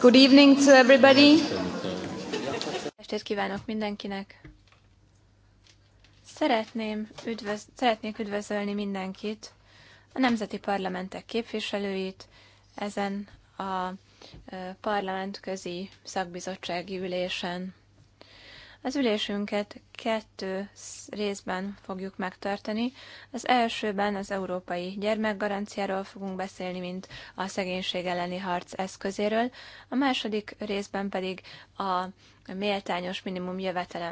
Good evening to everybody. Estét kívánok mindenkinek. Szeretném üdvöz, szeretnék üdvözölni mindenkit, a nemzeti parlamentek képviselőit, ezen a parlamentközi szakbizottsági ülésen. Az ülésünket kettő részben fogjuk megtartani. Az elsőben az európai gyermekgaranciáról fogunk beszélni, mint a szegénység elleni harc eszközéről, a második részben pedig a méltányos minimum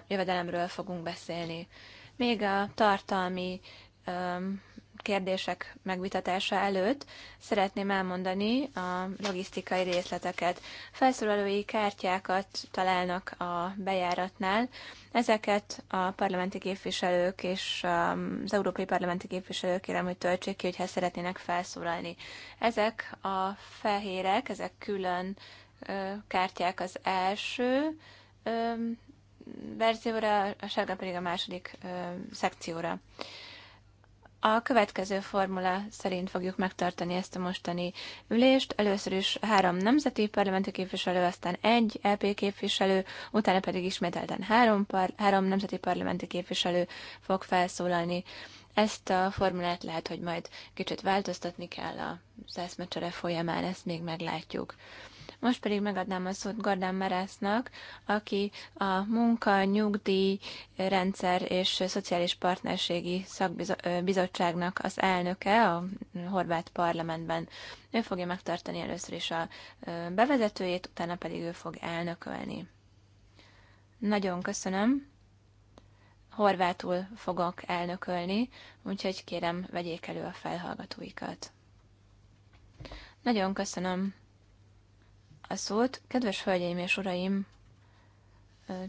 jövedelemről fogunk beszélni. Még a tartalmi kérdések megvitatása előtt szeretném elmondani a logisztikai részleteket. Felszólalói kártyákat találnak a bejáratnál. Ezeket a parlamenti képviselők és um, az európai parlamenti képviselők kérem, hogy töltsék ki, hogyha szeretnének felszólalni. Ezek a fehérek, ezek külön kártyák az első verzióra, a sárga pedig a második szekcióra. A következő formula szerint fogjuk megtartani ezt a mostani ülést. Először is három nemzeti parlamenti képviselő, aztán egy EP képviselő, utána pedig ismételten három, par- három nemzeti parlamenti képviselő fog felszólalni. Ezt a formulát lehet, hogy majd kicsit változtatni kell a eszmecsere folyamán, ezt még meglátjuk. Most pedig megadnám a szót Gordán Merásznak, aki a munka, nyugdíj, rendszer és szociális partnerségi szakbizottságnak az elnöke a horvát parlamentben. Ő fogja megtartani először is a bevezetőjét, utána pedig ő fog elnökölni. Nagyon köszönöm. Horvátul fogok elnökölni, úgyhogy kérem, vegyék elő a felhallgatóikat. Nagyon köszönöm a szót. Kedves hölgyeim és uraim,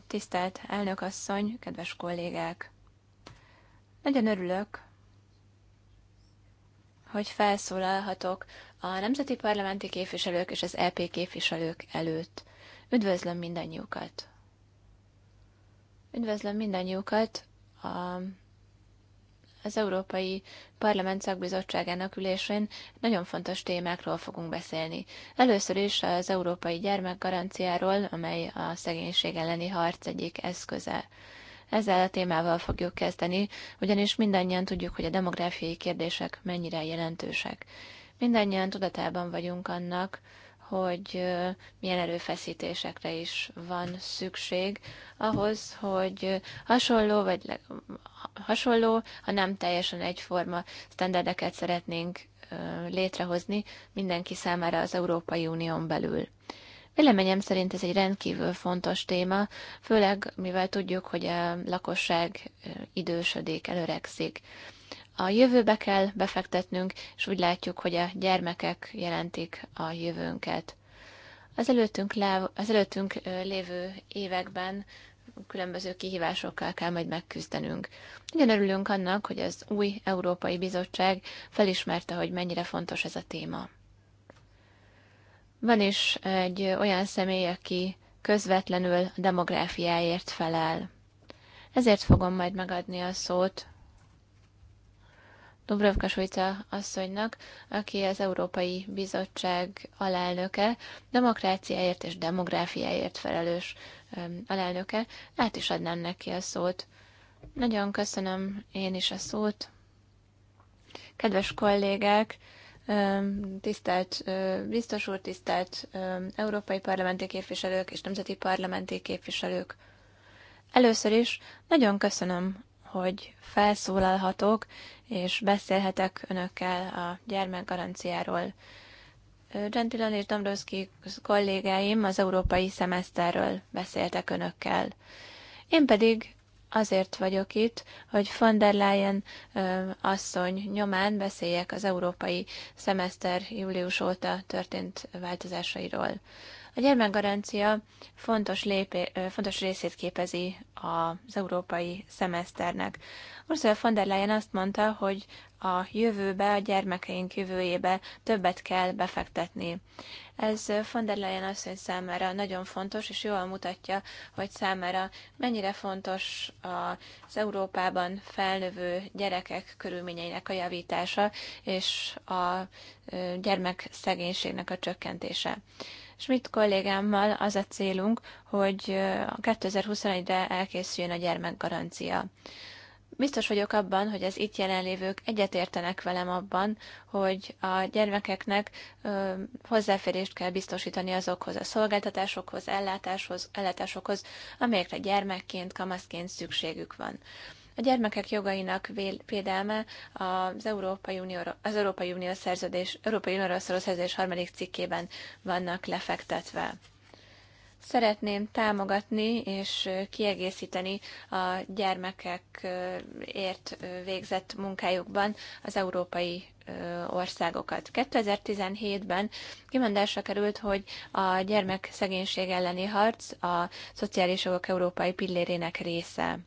tisztelt elnökasszony, kedves kollégák! Nagyon örülök, hogy felszólalhatok a nemzeti parlamenti képviselők és az EP képviselők előtt. Üdvözlöm mindannyiukat! Üdvözlöm mindannyiukat a az Európai Parlament szakbizottságának ülésén nagyon fontos témákról fogunk beszélni. Először is az Európai Gyermekgaranciáról, amely a szegénység elleni harc egyik eszköze. Ezzel a témával fogjuk kezdeni, ugyanis mindannyian tudjuk, hogy a demográfiai kérdések mennyire jelentősek. Mindannyian tudatában vagyunk annak, hogy milyen erőfeszítésekre is van szükség ahhoz, hogy hasonló, vagy le, hasonló, ha nem teljesen egyforma standardeket szeretnénk létrehozni mindenki számára az Európai Unión belül. Véleményem szerint ez egy rendkívül fontos téma, főleg mivel tudjuk, hogy a lakosság idősödik, előregszik. A jövőbe kell befektetnünk, és úgy látjuk, hogy a gyermekek jelentik a jövőnket. Az előttünk, láv, az előttünk lévő években különböző kihívásokkal kell majd megküzdenünk. Nagyon örülünk annak, hogy az új Európai Bizottság felismerte, hogy mennyire fontos ez a téma. Van is egy olyan személy, aki közvetlenül a demográfiáért felel. Ezért fogom majd megadni a szót Dubrovka Sujca asszonynak, aki az Európai Bizottság alelnöke, demokráciáért és demográfiáért felelős alelnöke. Át is adnám neki a szót. Nagyon köszönöm én is a szót. Kedves kollégák, tisztelt biztos úr, tisztelt európai parlamenti képviselők és nemzeti parlamenti képviselők. Először is nagyon köszönöm hogy felszólalhatok, és beszélhetek önökkel a gyermekgaranciáról. Gentilan és Dombrowski kollégáim az európai szemeszterről beszéltek önökkel. Én pedig azért vagyok itt, hogy von der Leyen ö, asszony nyomán beszéljek az európai szemeszter július óta történt változásairól. A gyermekgarancia fontos, lépé, fontos részét képezi az európai szemeszternek. Ursula von der Leyen azt mondta, hogy a jövőbe, a gyermekeink jövőjébe többet kell befektetni. Ez von der Leyen asszony számára nagyon fontos, és jól mutatja, hogy számára mennyire fontos az Európában felnövő gyerekek körülményeinek a javítása és a gyermekszegénységnek a csökkentése. Schmidt kollégámmal az a célunk, hogy a 2021-re elkészüljön a gyermekgarancia. Biztos vagyok abban, hogy az itt jelenlévők egyetértenek velem abban, hogy a gyermekeknek ö, hozzáférést kell biztosítani azokhoz a szolgáltatásokhoz, ellátáshoz, ellátásokhoz, amelyekre gyermekként, kamaszként szükségük van. A gyermekek jogainak védelme az Európai Unió, az Európai Unió szerződés, Európai Unióról szóló szerződés harmadik cikkében vannak lefektetve. Szeretném támogatni és kiegészíteni a gyermekekért végzett munkájukban az európai országokat. 2017-ben kimondásra került, hogy a szegénység elleni harc a szociális jogok európai pillérének része.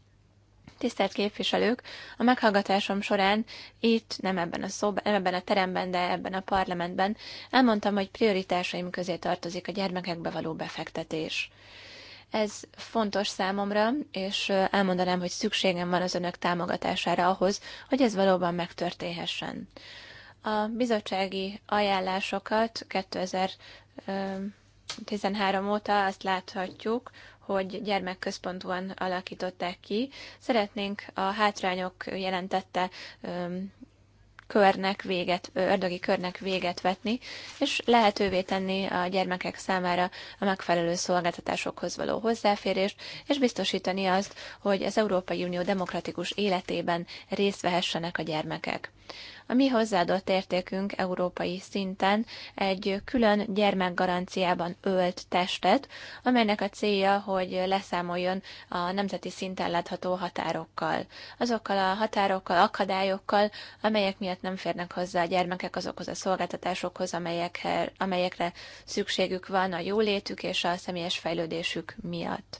Tisztelt képviselők, a meghallgatásom során itt, nem ebben a szóban, nem ebben a teremben, de ebben a parlamentben elmondtam, hogy prioritásaim közé tartozik a gyermekekbe való befektetés. Ez fontos számomra, és elmondanám, hogy szükségem van az önök támogatására ahhoz, hogy ez valóban megtörténhessen. A bizottsági ajánlásokat 2013 óta azt láthatjuk, hogy gyermekközpontúan alakították ki. Szeretnénk a hátrányok jelentette körnek véget, ördögi körnek véget vetni, és lehetővé tenni a gyermekek számára a megfelelő szolgáltatásokhoz való hozzáférést, és biztosítani azt, hogy az Európai Unió demokratikus életében részt vehessenek a gyermekek. A mi hozzáadott értékünk európai szinten egy külön gyermekgaranciában ölt testet, amelynek a célja, hogy leszámoljon a nemzeti szinten látható határokkal. Azokkal a határokkal, akadályokkal, amelyek miatt nem férnek hozzá a gyermekek azokhoz a szolgáltatásokhoz, amelyekre, amelyekre szükségük van a jólétük és a személyes fejlődésük miatt.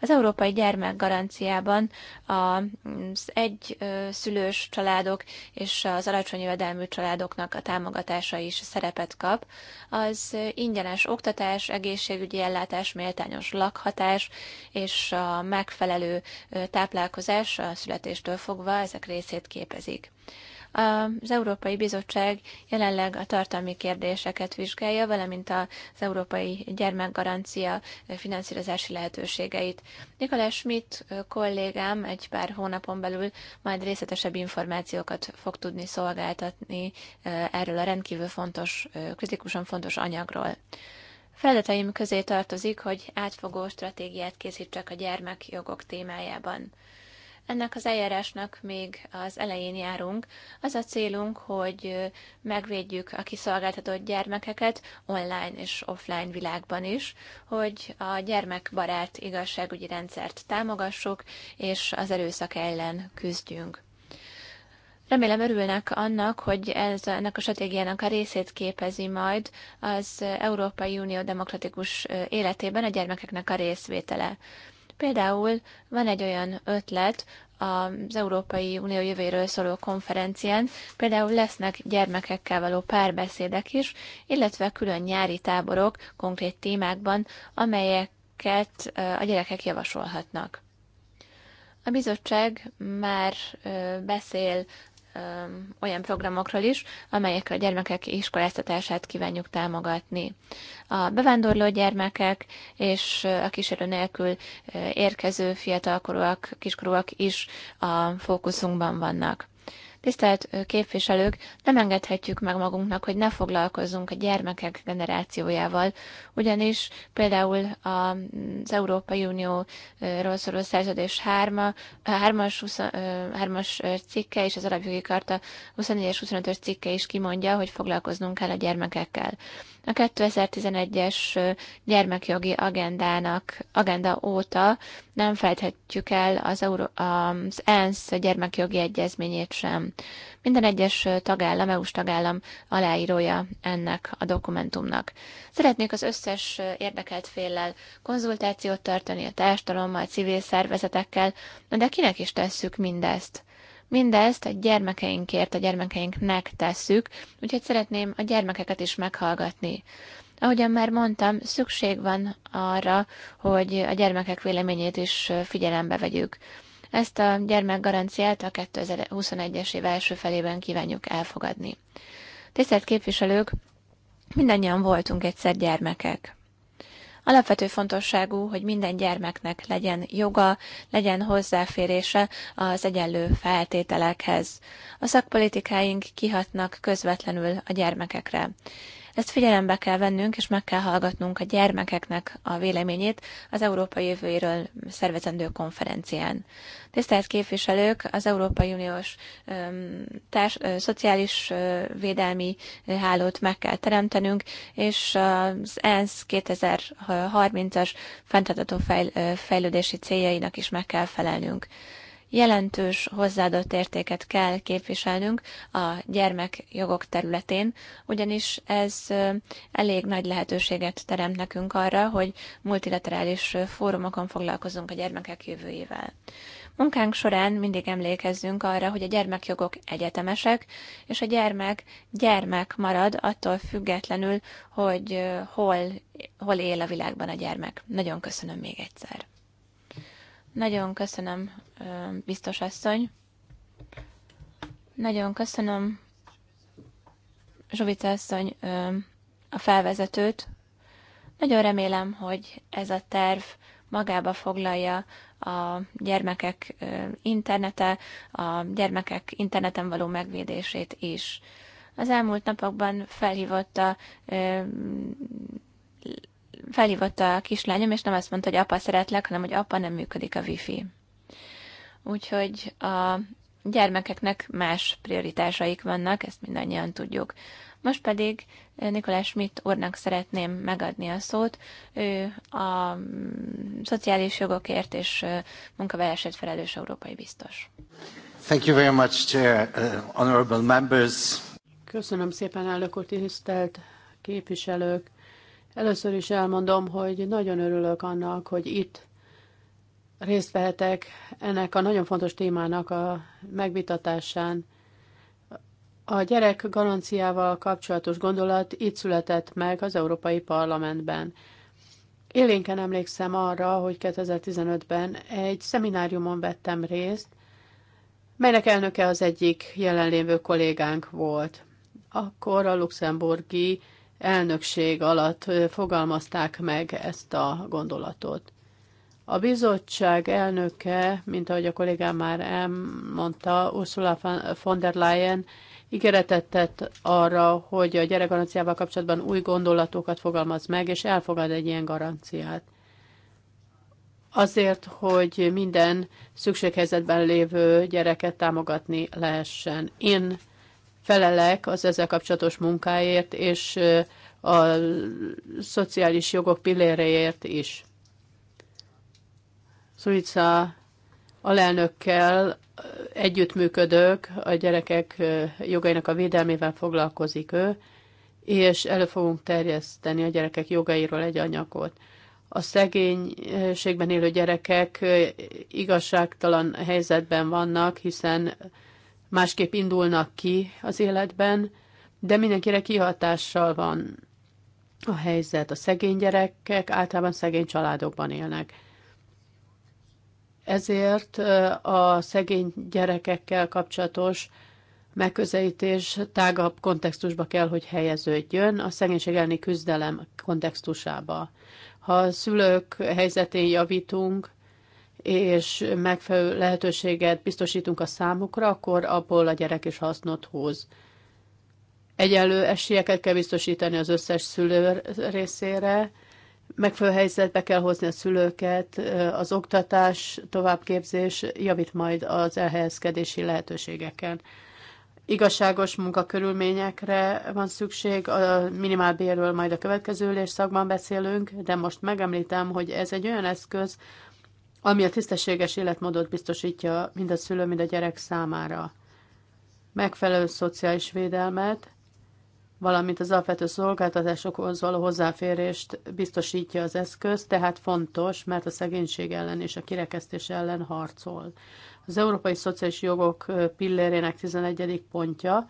Az európai gyermekgaranciában az egy szülős családok és az alacsony jövedelmű családoknak a támogatása is szerepet kap. Az ingyenes oktatás, egészségügyi ellátás, méltányos lakhatás és a megfelelő táplálkozás a születéstől fogva ezek részét képezik. Az Európai Bizottság jelenleg a tartalmi kérdéseket vizsgálja, valamint az Európai Gyermekgarancia finanszírozási lehetőségeit. Nikolás Schmidt kollégám egy pár hónapon belül majd részletesebb információkat fog tudni szolgáltatni erről a rendkívül fontos, kritikusan fontos anyagról. Feladataim közé tartozik, hogy átfogó stratégiát készítsek a gyermekjogok témájában. Ennek az eljárásnak még az elején járunk. Az a célunk, hogy megvédjük a kiszolgáltatott gyermekeket online és offline világban is, hogy a gyermekbarát igazságügyi rendszert támogassuk, és az erőszak ellen küzdjünk. Remélem örülnek annak, hogy ez, ennek a stratégiának a részét képezi majd az Európai Unió demokratikus életében a gyermekeknek a részvétele. Például van egy olyan ötlet az Európai Unió jövőről szóló konferencián, például lesznek gyermekekkel való párbeszédek is, illetve külön nyári táborok konkrét témákban, amelyeket a gyerekek javasolhatnak. A bizottság már beszél olyan programokról is, amelyekkel a gyermekek iskoláztatását kívánjuk támogatni. A bevándorló gyermekek és a kísérő nélkül érkező fiatalkorúak, kiskorúak is a fókuszunkban vannak. Tisztelt képviselők, nem engedhetjük meg magunknak, hogy ne foglalkozzunk a gyermekek generációjával, ugyanis például az Európai Unióról szóló szerződés 3-as, hárma, cikke és az alapjogi karta 24 és 25-ös cikke is kimondja, hogy foglalkoznunk kell a gyermekekkel. A 2011-es gyermekjogi agendának, agenda óta nem felejthetjük el az, Euró- az ENSZ gyermekjogi egyezményét sem. Minden egyes tagállam, EU-s tagállam aláírója ennek a dokumentumnak. Szeretnék az összes érdekelt féllel konzultációt tartani a társadalommal, civil szervezetekkel, de kinek is tesszük mindezt? Mindezt a gyermekeinkért, a gyermekeinknek tesszük, úgyhogy szeretném a gyermekeket is meghallgatni. Ahogyan már mondtam, szükség van arra, hogy a gyermekek véleményét is figyelembe vegyük. Ezt a gyermekgaranciát a 2021-es év első felében kívánjuk elfogadni. Tisztelt képviselők, mindannyian voltunk egyszer gyermekek. Alapvető fontosságú, hogy minden gyermeknek legyen joga, legyen hozzáférése az egyenlő feltételekhez. A szakpolitikáink kihatnak közvetlenül a gyermekekre. Ezt figyelembe kell vennünk, és meg kell hallgatnunk a gyermekeknek a véleményét az Európai Jövőjéről szervezendő konferencián. Tisztelt képviselők, az Európai Uniós társ, szociális védelmi hálót meg kell teremtenünk, és az ENSZ 2030-as fenntartható fejlődési céljainak is meg kell felelnünk jelentős hozzáadott értéket kell képviselnünk a gyermekjogok területén, ugyanis ez elég nagy lehetőséget teremt nekünk arra, hogy multilaterális fórumokon foglalkozunk a gyermekek jövőjével. Munkánk során mindig emlékezzünk arra, hogy a gyermekjogok egyetemesek, és a gyermek gyermek marad attól függetlenül, hogy hol, hol él a világban a gyermek. Nagyon köszönöm még egyszer. Nagyon köszönöm, biztos asszony. Nagyon köszönöm, Zsuvica asszony, a felvezetőt. Nagyon remélem, hogy ez a terv magába foglalja a gyermekek internete, a gyermekek interneten való megvédését is. Az elmúlt napokban felhívott a felhívott a kislányom, és nem azt mondta, hogy apa szeretlek, hanem hogy apa nem működik a wifi. Úgyhogy a gyermekeknek más prioritásaik vannak, ezt mindannyian tudjuk. Most pedig eh, Nikolás Schmidt úrnak szeretném megadni a szót. Ő a mm, szociális jogokért és eh, munkavállásért felelős európai biztos. Thank you very much, Chair, uh, honorable members. Köszönöm szépen, elnök úr, tisztelt képviselők. Először is elmondom, hogy nagyon örülök annak, hogy itt részt vehetek ennek a nagyon fontos témának a megvitatásán. A gyerek garanciával kapcsolatos gondolat itt született meg az Európai Parlamentben. Élénken emlékszem arra, hogy 2015-ben egy szemináriumon vettem részt, melynek elnöke az egyik jelenlévő kollégánk volt. Akkor a luxemburgi elnökség alatt fogalmazták meg ezt a gondolatot. A bizottság elnöke, mint ahogy a kollégám már elmondta, Ursula von der Leyen ígéretet tett arra, hogy a gyerekgaranciával kapcsolatban új gondolatokat fogalmaz meg, és elfogad egy ilyen garanciát. Azért, hogy minden szükséghelyzetben lévő gyereket támogatni lehessen. Én felelek az ezzel kapcsolatos munkáért, és a szociális jogok pilléreért is. Szuica alelnökkel együttműködök, a gyerekek jogainak a védelmével foglalkozik ő, és elő fogunk terjeszteni a gyerekek jogairól egy anyagot. A szegénységben élő gyerekek igazságtalan helyzetben vannak, hiszen másképp indulnak ki az életben, de mindenkire kihatással van a helyzet. A szegény gyerekek általában szegény családokban élnek. Ezért a szegény gyerekekkel kapcsolatos megközelítés tágabb kontextusba kell, hogy helyeződjön, a szegénység elleni küzdelem kontextusába. Ha a szülők helyzetén javítunk, és megfelelő lehetőséget biztosítunk a számukra, akkor abból a gyerek is hasznot hoz. Egyenlő esélyeket kell biztosítani az összes szülő részére, megfelelő helyzetbe kell hozni a szülőket, az oktatás, továbbképzés javít majd az elhelyezkedési lehetőségeken. Igazságos munkakörülményekre van szükség, a minimálbérről majd a következő ülésszakban beszélünk, de most megemlítem, hogy ez egy olyan eszköz, ami a tisztességes életmódot biztosítja mind a szülő, mind a gyerek számára. Megfelelő szociális védelmet, valamint az alapvető szolgáltatásokhoz való hozzáférést biztosítja az eszköz, tehát fontos, mert a szegénység ellen és a kirekesztés ellen harcol. Az Európai Szociális Jogok pillérének 11. pontja,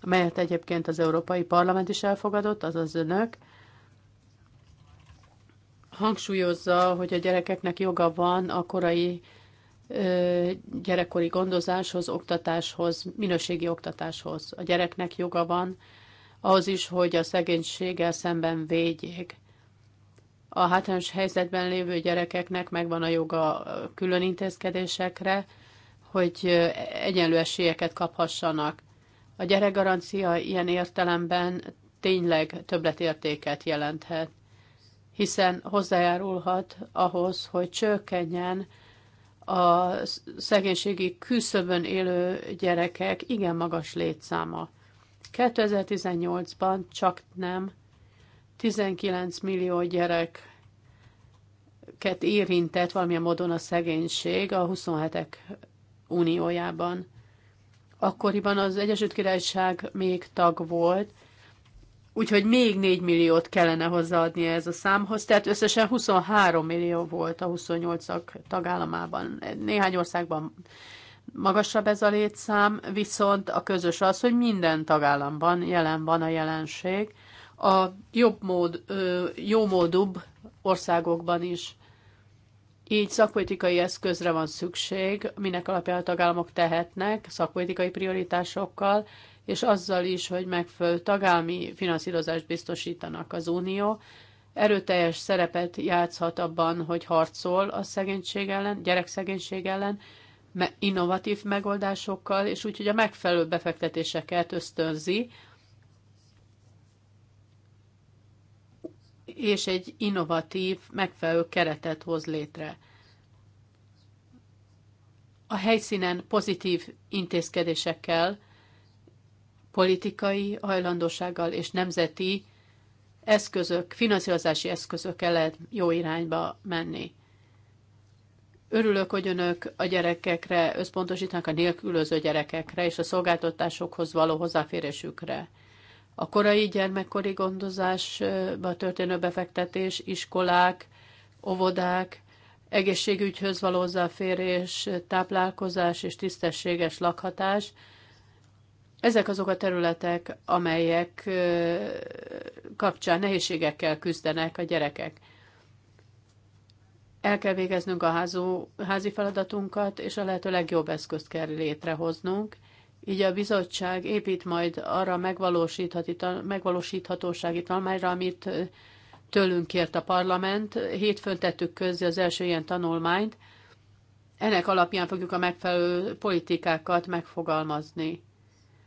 melyet egyébként az Európai Parlament is elfogadott, azaz önök, hangsúlyozza, hogy a gyerekeknek joga van a korai gyerekkori gondozáshoz, oktatáshoz, minőségi oktatáshoz. A gyereknek joga van az is, hogy a szegénységgel szemben védjék. A hátrányos helyzetben lévő gyerekeknek megvan a joga külön intézkedésekre, hogy egyenlő esélyeket kaphassanak. A gyerekgarancia ilyen értelemben tényleg többletértéket jelenthet hiszen hozzájárulhat ahhoz, hogy csökkenjen a szegénységi küszöbön élő gyerekek igen magas létszáma. 2018-ban csak nem 19 millió gyereket érintett valamilyen módon a szegénység a 27-ek uniójában. Akkoriban az Egyesült Királyság még tag volt, Úgyhogy még 4 milliót kellene hozzáadni ez a számhoz, tehát összesen 23 millió volt a 28-ak tagállamában. Néhány országban magasabb ez a létszám, viszont a közös az, hogy minden tagállamban jelen van a jelenség, a jobb mód, jó módúbb országokban is. Így szakpolitikai eszközre van szükség, minek alapján a tagállamok tehetnek szakpolitikai prioritásokkal, és azzal is, hogy megfelelő tagállami finanszírozást biztosítanak az Unió, erőteljes szerepet játszhat abban, hogy harcol a szegénység ellen, gyerekszegénység ellen, innovatív megoldásokkal, és úgy, hogy a megfelelő befektetéseket ösztönzi, és egy innovatív, megfelelő keretet hoz létre. A helyszínen pozitív intézkedésekkel politikai hajlandósággal és nemzeti eszközök, finanszírozási eszközök lehet jó irányba menni. Örülök, hogy önök a gyerekekre összpontosítanak, a nélkülöző gyerekekre és a szolgáltatásokhoz való hozzáférésükre. A korai gyermekkori gondozásba történő befektetés, iskolák, óvodák, egészségügyhöz való hozzáférés, táplálkozás és tisztességes lakhatás – ezek azok a területek, amelyek kapcsán nehézségekkel küzdenek a gyerekek. El kell végeznünk a házó, házi feladatunkat, és a lehető legjobb eszközt kell létrehoznunk. Így a bizottság épít majd arra megvalósíthatósági tanulmányra, amit tőlünk kért a parlament. Hétfőn tettük közzé az első ilyen tanulmányt. Ennek alapján fogjuk a megfelelő politikákat megfogalmazni.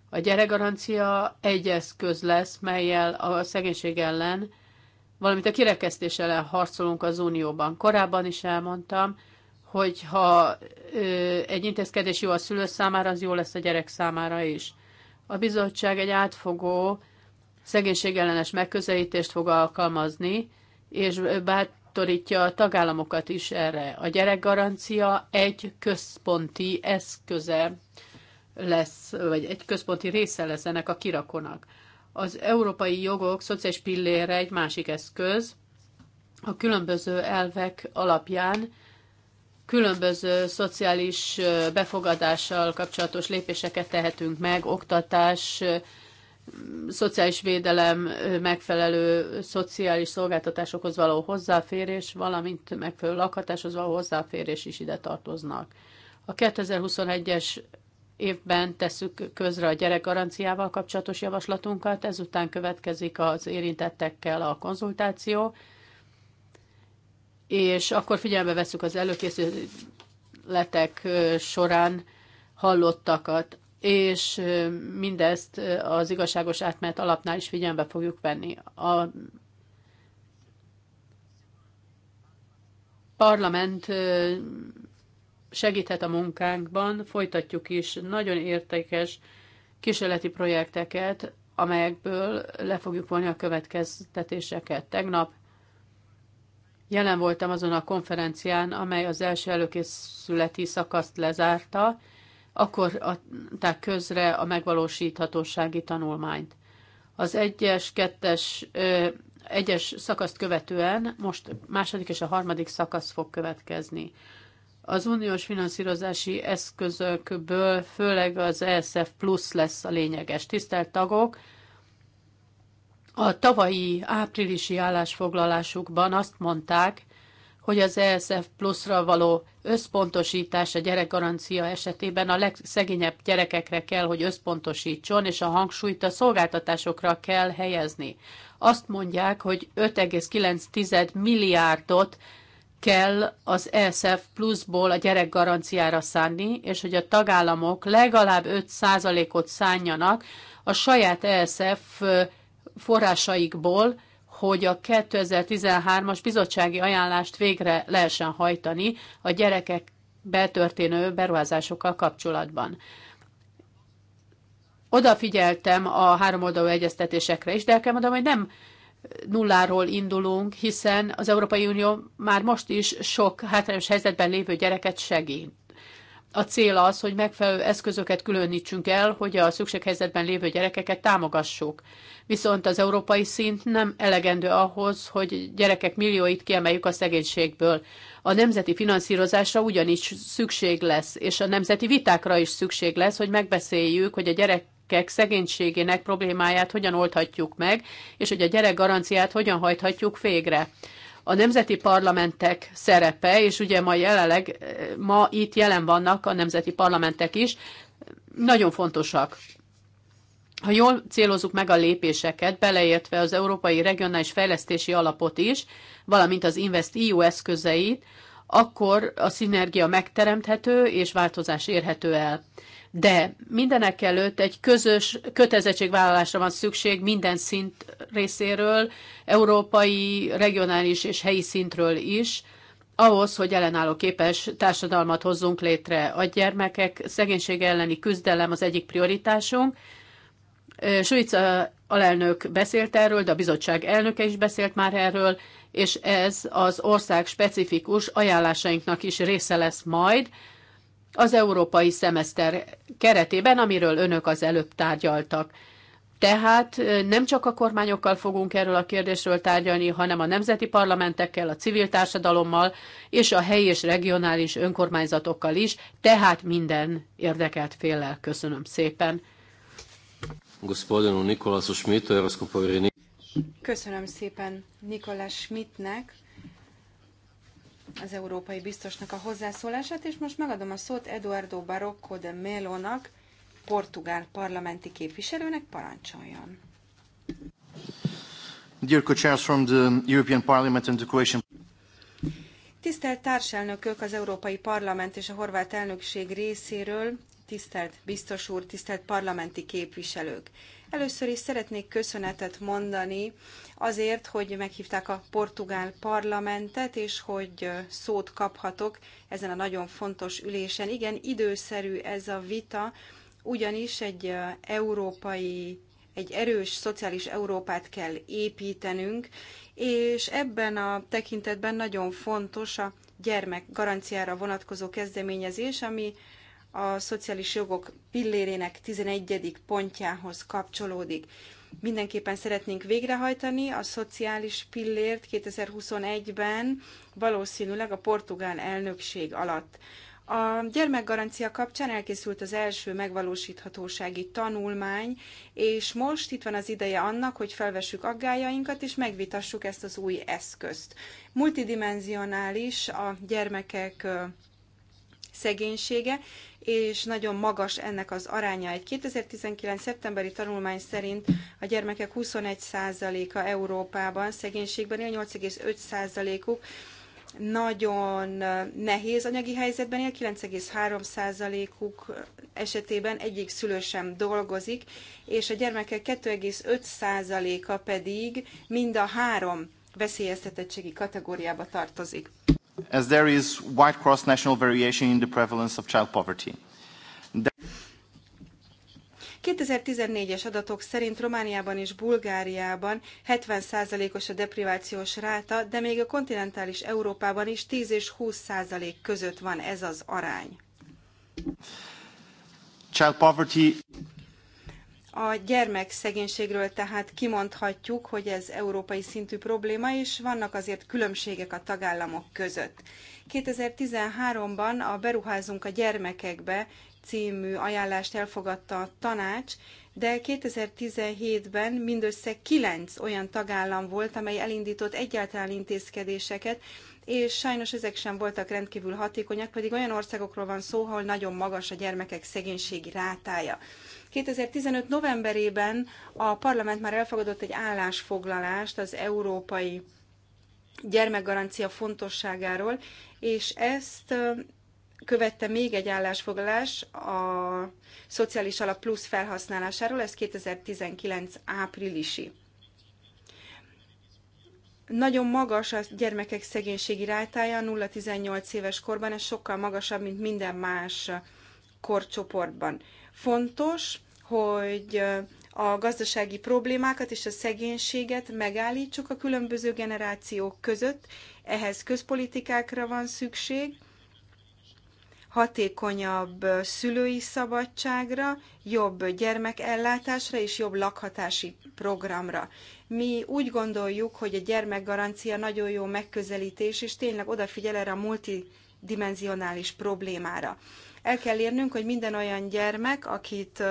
A gyerekgarancia egy eszköz lesz, melyel a szegénység ellen, valamint a kirekesztés ellen harcolunk az Unióban. Korábban is elmondtam, hogy ha egy intézkedés jó a szülő számára, az jó lesz a gyerek számára is. A bizottság egy átfogó szegénységellenes megközelítést fog alkalmazni, és bátorítja a tagállamokat is erre. A gyerekgarancia egy központi eszköze lesz, vagy egy központi része lesz ennek a kirakonak. Az európai jogok szociális pillére egy másik eszköz, a különböző elvek alapján különböző szociális befogadással kapcsolatos lépéseket tehetünk meg, oktatás, szociális védelem, megfelelő szociális szolgáltatásokhoz való hozzáférés, valamint megfelelő lakhatáshoz való hozzáférés is ide tartoznak. A 2021-es évben tesszük közre a garanciával kapcsolatos javaslatunkat, ezután következik az érintettekkel a konzultáció, és akkor figyelembe veszük az előkészületek során hallottakat, és mindezt az igazságos átmenet alapnál is figyelembe fogjuk venni. A parlament segíthet a munkánkban, folytatjuk is nagyon értékes kísérleti projekteket, amelyekből le fogjuk vonni a következtetéseket. Tegnap jelen voltam azon a konferencián, amely az első előkészületi szakaszt lezárta, akkor adták közre a megvalósíthatósági tanulmányt. Az egyes, kettes, ö, egyes szakaszt követően most második és a harmadik szakasz fog következni. Az uniós finanszírozási eszközökből főleg az ESF plusz lesz a lényeges. Tisztelt tagok, a tavalyi áprilisi állásfoglalásukban azt mondták, hogy az ESF pluszra való összpontosítás a gyerekgarancia esetében a legszegényebb gyerekekre kell, hogy összpontosítson, és a hangsúlyt a szolgáltatásokra kell helyezni. Azt mondják, hogy 5,9 milliárdot kell az ESF pluszból a gyerekgaranciára szánni, és hogy a tagállamok legalább 5%-ot szánjanak a saját ESF forrásaikból, hogy a 2013-as bizottsági ajánlást végre lehessen hajtani a gyerekek betörténő beruházásokkal kapcsolatban. Odafigyeltem a oldalú egyeztetésekre is, de el kell mondom, hogy nem nulláról indulunk, hiszen az Európai Unió már most is sok hátrányos helyzetben lévő gyereket segít. A cél az, hogy megfelelő eszközöket különítsünk el, hogy a szükséghelyzetben lévő gyerekeket támogassuk. Viszont az európai szint nem elegendő ahhoz, hogy gyerekek millióit kiemeljük a szegénységből. A nemzeti finanszírozásra ugyanis szükség lesz, és a nemzeti vitákra is szükség lesz, hogy megbeszéljük, hogy a gyerek gyerekek szegénységének problémáját hogyan oldhatjuk meg, és hogy a gyerek garanciát hogyan hajthatjuk végre. A nemzeti parlamentek szerepe, és ugye ma jelenleg, ma itt jelen vannak a nemzeti parlamentek is, nagyon fontosak. Ha jól célozzuk meg a lépéseket, beleértve az Európai Regionális Fejlesztési Alapot is, valamint az Invest EU eszközeit, akkor a szinergia megteremthető és változás érhető el. De mindenek előtt egy közös kötelezettségvállalásra van szükség minden szint részéről, európai, regionális és helyi szintről is, ahhoz, hogy ellenálló képes társadalmat hozzunk létre. A gyermekek szegénység elleni küzdelem az egyik prioritásunk. Svica alelnök beszélt erről, de a bizottság elnöke is beszélt már erről, és ez az ország specifikus ajánlásainknak is része lesz majd az európai szemeszter keretében, amiről önök az előbb tárgyaltak. Tehát nem csak a kormányokkal fogunk erről a kérdésről tárgyalni, hanem a nemzeti parlamentekkel, a civil társadalommal és a helyi és regionális önkormányzatokkal is, tehát minden érdekelt féllel. Köszönöm szépen. Köszönöm szépen Nikola Schmidtnek, az európai biztosnak a hozzászólását, és most megadom a szót Eduardo Barocco de Melónak, portugál parlamenti képviselőnek, parancsoljon. Dear co-chairs from the European Parliament and the Croatian Tisztelt társelnökök az Európai Parlament és a horvát elnökség részéről, tisztelt biztos úr, tisztelt parlamenti képviselők! Először is szeretnék köszönetet mondani azért, hogy meghívták a portugál parlamentet, és hogy szót kaphatok ezen a nagyon fontos ülésen. Igen, időszerű ez a vita, ugyanis egy európai egy erős szociális Európát kell építenünk, és ebben a tekintetben nagyon fontos a gyermek garanciára vonatkozó kezdeményezés, ami a szociális jogok pillérének 11. pontjához kapcsolódik. Mindenképpen szeretnénk végrehajtani a szociális pillért 2021-ben, valószínűleg a portugál elnökség alatt. A gyermekgarancia kapcsán elkészült az első megvalósíthatósági tanulmány, és most itt van az ideje annak, hogy felvessük aggájainkat, és megvitassuk ezt az új eszközt. Multidimensionális a gyermekek szegénysége, és nagyon magas ennek az aránya. Egy 2019. szeptemberi tanulmány szerint a gyermekek 21%-a Európában szegénységben él, 8,5%-uk nagyon nehéz anyagi helyzetben él, 9,3%-uk esetében egyik szülő sem dolgozik, és a gyermekek 2,5%-a pedig mind a három veszélyeztetettségi kategóriába tartozik as there is wide cross-national variation in the prevalence of child poverty. 2014-es adatok szerint Romániában és Bulgáriában 70%-os a deprivációs ráta, de még a kontinentális Európában is 10 és 20% között van ez az arány. Child poverty a gyermekszegénységről tehát kimondhatjuk, hogy ez európai szintű probléma, és vannak azért különbségek a tagállamok között. 2013-ban a Beruházunk a gyermekekbe című ajánlást elfogadta a tanács, de 2017-ben mindössze kilenc olyan tagállam volt, amely elindított egyáltalán intézkedéseket, és sajnos ezek sem voltak rendkívül hatékonyak, pedig olyan országokról van szó, ahol nagyon magas a gyermekek szegénységi rátája. 2015 novemberében a parlament már elfogadott egy állásfoglalást az európai gyermekgarancia fontosságáról, és ezt követte még egy állásfoglalás a Szociális Alap Plusz felhasználásáról, ez 2019 áprilisi. Nagyon magas a gyermekek szegénységi rátája 0-18 éves korban, ez sokkal magasabb, mint minden más korcsoportban. Fontos, hogy a gazdasági problémákat és a szegénységet megállítsuk a különböző generációk között, ehhez közpolitikákra van szükség, hatékonyabb szülői szabadságra, jobb gyermekellátásra és jobb lakhatási programra. Mi úgy gondoljuk, hogy a gyermekgarancia nagyon jó megközelítés, és tényleg odafigyel erre a multidimenzionális problémára. El kell érnünk, hogy minden olyan gyermek, akit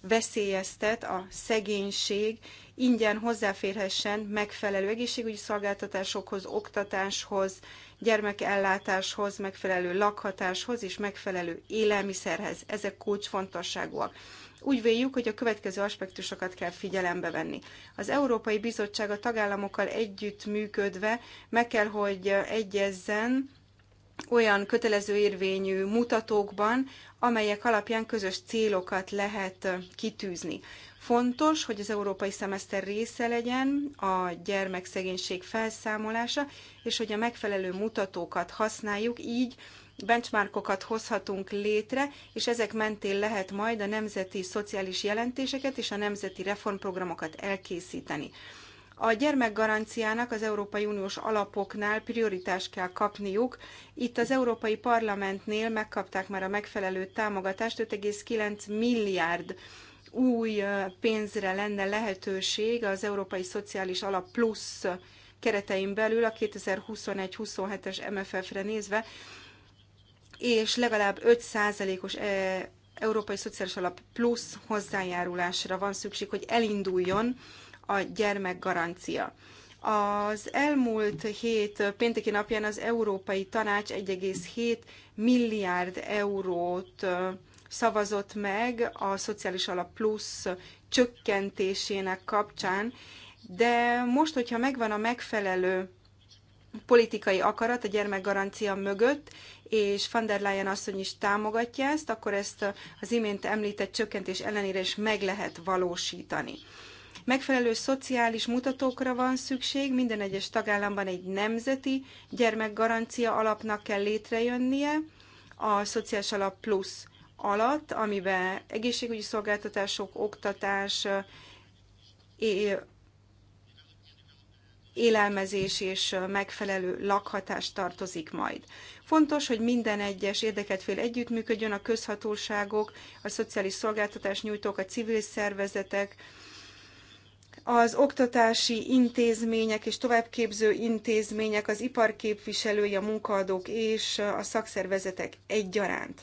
veszélyeztet a szegénység, ingyen hozzáférhessen megfelelő egészségügyi szolgáltatásokhoz, oktatáshoz, gyermekellátáshoz, megfelelő lakhatáshoz és megfelelő élelmiszerhez. Ezek kulcsfontosságúak. Úgy véljük, hogy a következő aspektusokat kell figyelembe venni. Az Európai Bizottság a tagállamokkal együttműködve meg kell, hogy egyezzen olyan kötelező érvényű mutatókban, amelyek alapján közös célokat lehet kitűzni. Fontos, hogy az európai szemeszter része legyen a gyermekszegénység felszámolása, és hogy a megfelelő mutatókat használjuk, így benchmarkokat hozhatunk létre, és ezek mentén lehet majd a nemzeti szociális jelentéseket és a nemzeti reformprogramokat elkészíteni. A gyermekgaranciának az Európai Uniós alapoknál prioritást kell kapniuk. Itt az Európai Parlamentnél megkapták már a megfelelő támogatást, 5,9 milliárd új pénzre lenne lehetőség az Európai Szociális Alap Plusz keretein belül a 2021-27-es MFF-re nézve, és legalább 5%-os e, Európai Szociális Alap Plusz hozzájárulásra van szükség, hogy elinduljon a gyermekgarancia. Az elmúlt hét pénteki napján az Európai Tanács 1,7 milliárd eurót szavazott meg a Szociális Alap Plusz csökkentésének kapcsán, de most, hogyha megvan a megfelelő politikai akarat a gyermekgarancia mögött, és van der Leyen asszony is támogatja ezt, akkor ezt az imént említett csökkentés ellenére is meg lehet valósítani. Megfelelő szociális mutatókra van szükség, minden egyes tagállamban egy nemzeti gyermekgarancia alapnak kell létrejönnie, a Szociális Alap Plusz alatt, amiben egészségügyi szolgáltatások, oktatás, élelmezés és megfelelő lakhatás tartozik majd. Fontos, hogy minden egyes érdeket fél együttműködjön, a közhatóságok, a szociális szolgáltatás nyújtók, a civil szervezetek, az oktatási intézmények és továbbképző intézmények, az ipar képviselői, a munkaadók és a szakszervezetek egyaránt.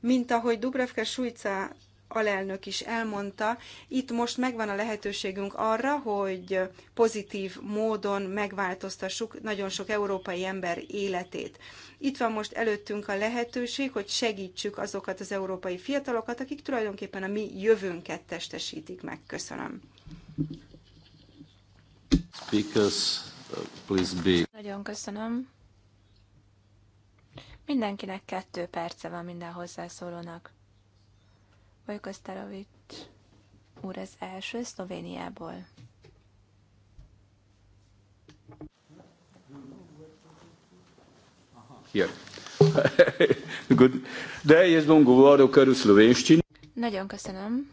Mint ahogy Dubravka Sujca alelnök is elmondta, itt most megvan a lehetőségünk arra, hogy pozitív módon megváltoztassuk nagyon sok európai ember életét. Itt van most előttünk a lehetőség, hogy segítsük azokat az európai fiatalokat, akik tulajdonképpen a mi jövőnket testesítik meg. Köszönöm. Speakers, please be. Nagyon köszönöm. Mindenkinek kettő perce van minden hozzászólónak. Vajkasztárovics úr az első Szlovéniából. Here. Good. De ez bom govoril körül v Nagyon köszönöm.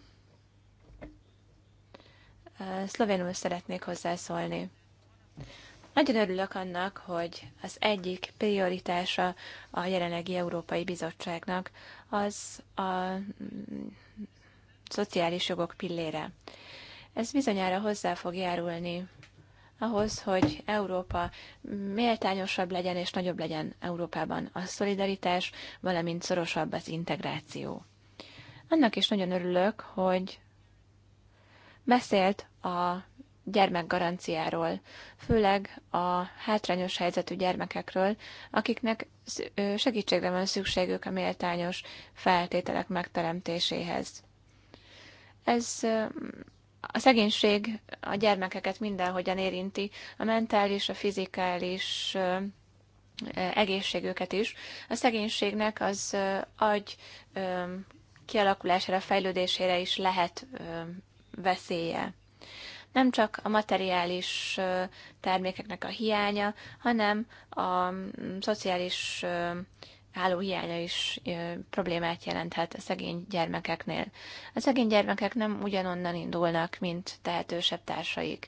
Szlovénul szeretnék hozzászólni. Nagyon örülök annak, hogy az egyik prioritása a jelenlegi Európai Bizottságnak az a szociális jogok pillére. Ez bizonyára hozzá fog járulni ahhoz, hogy Európa méltányosabb legyen és nagyobb legyen Európában a szolidaritás, valamint szorosabb az integráció. Annak is nagyon örülök, hogy beszélt a gyermekgaranciáról, főleg a hátrányos helyzetű gyermekekről, akiknek segítségre van szükségük a méltányos feltételek megteremtéséhez. Ez a szegénység a gyermekeket mindenhogyan érinti, a mentális, a fizikális egészségüket is. A szegénységnek az agy kialakulására, fejlődésére is lehet veszélye. Nem csak a materiális termékeknek a hiánya, hanem a mm, szociális hiánya is problémát jelenthet a szegény gyermekeknél. A szegény gyermekek nem ugyanonnan indulnak, mint tehetősebb társaik.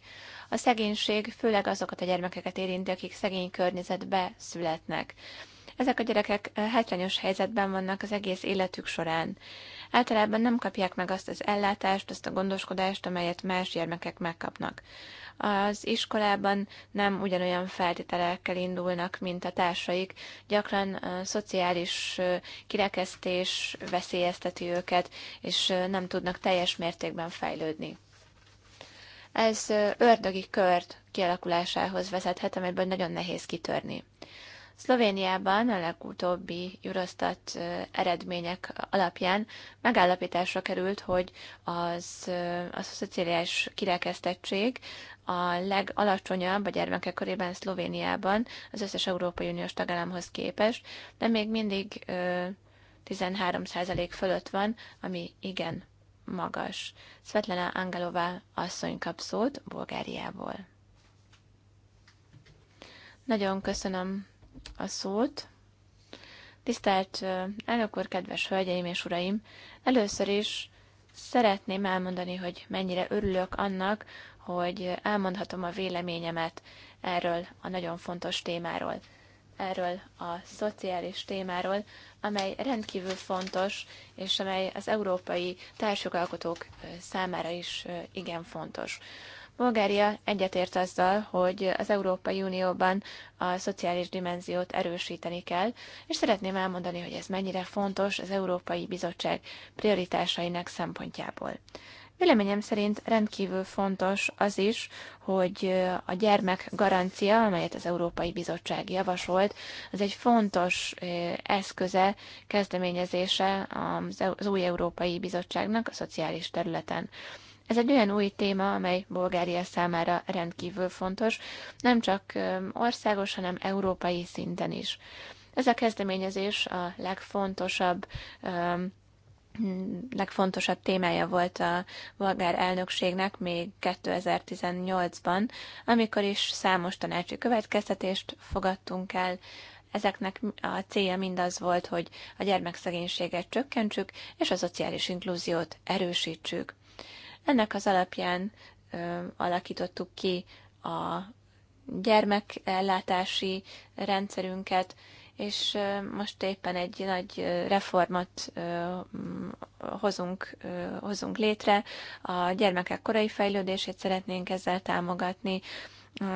A szegénység főleg azokat a gyermekeket érinti, akik szegény környezetbe születnek. Ezek a gyerekek eh, hátrányos helyzetben vannak az egész életük során. Általában nem kapják meg azt az ellátást, azt a gondoskodást, amelyet más gyermekek megkapnak. Az iskolában nem ugyanolyan feltételekkel indulnak, mint a társaik. Gyakran a eh, szociális eh, kirekesztés veszélyezteti őket, és nem tudnak teljes mértékben fejlődni ez ördögi kört kialakulásához vezethet, amelyből nagyon nehéz kitörni. Szlovéniában a legutóbbi Eurostat eredmények alapján megállapításra került, hogy az, a szociális kirekesztettség a legalacsonyabb a gyermekek körében Szlovéniában az összes Európai Uniós tagállamhoz képest, de még mindig 13% fölött van, ami igen magas. Svetlana Angelová asszony kap szót Bulgáriából. Nagyon köszönöm a szót. Tisztelt elnök úr, kedves hölgyeim és uraim! Először is szeretném elmondani, hogy mennyire örülök annak, hogy elmondhatom a véleményemet erről a nagyon fontos témáról, erről a szociális témáról, amely rendkívül fontos, és amely az európai társjogalkotók számára is igen fontos. Bulgária egyetért azzal, hogy az Európai Unióban a szociális dimenziót erősíteni kell, és szeretném elmondani, hogy ez mennyire fontos az Európai Bizottság prioritásainak szempontjából. Véleményem szerint rendkívül fontos az is, hogy a gyermek garancia, amelyet az Európai Bizottság javasolt, az egy fontos eh, eszköze, kezdeményezése e az új Európai Bizottságnak a szociális területen. Ez egy olyan új téma, amely Bulgária számára rendkívül fontos, nem csak országos, hanem európai szinten is. Ez a kezdeményezés a legfontosabb legfontosabb témája volt a bolgár elnökségnek még 2018-ban, amikor is számos tanácsi következtetést fogadtunk el. Ezeknek a célja mindaz volt, hogy a gyermekszegénységet csökkentsük, és a szociális inklúziót erősítsük. Ennek az alapján alakítottuk ki a gyermekellátási rendszerünket, és most éppen egy nagy reformat hozunk, hozunk létre. A gyermekek korai fejlődését szeretnénk ezzel támogatni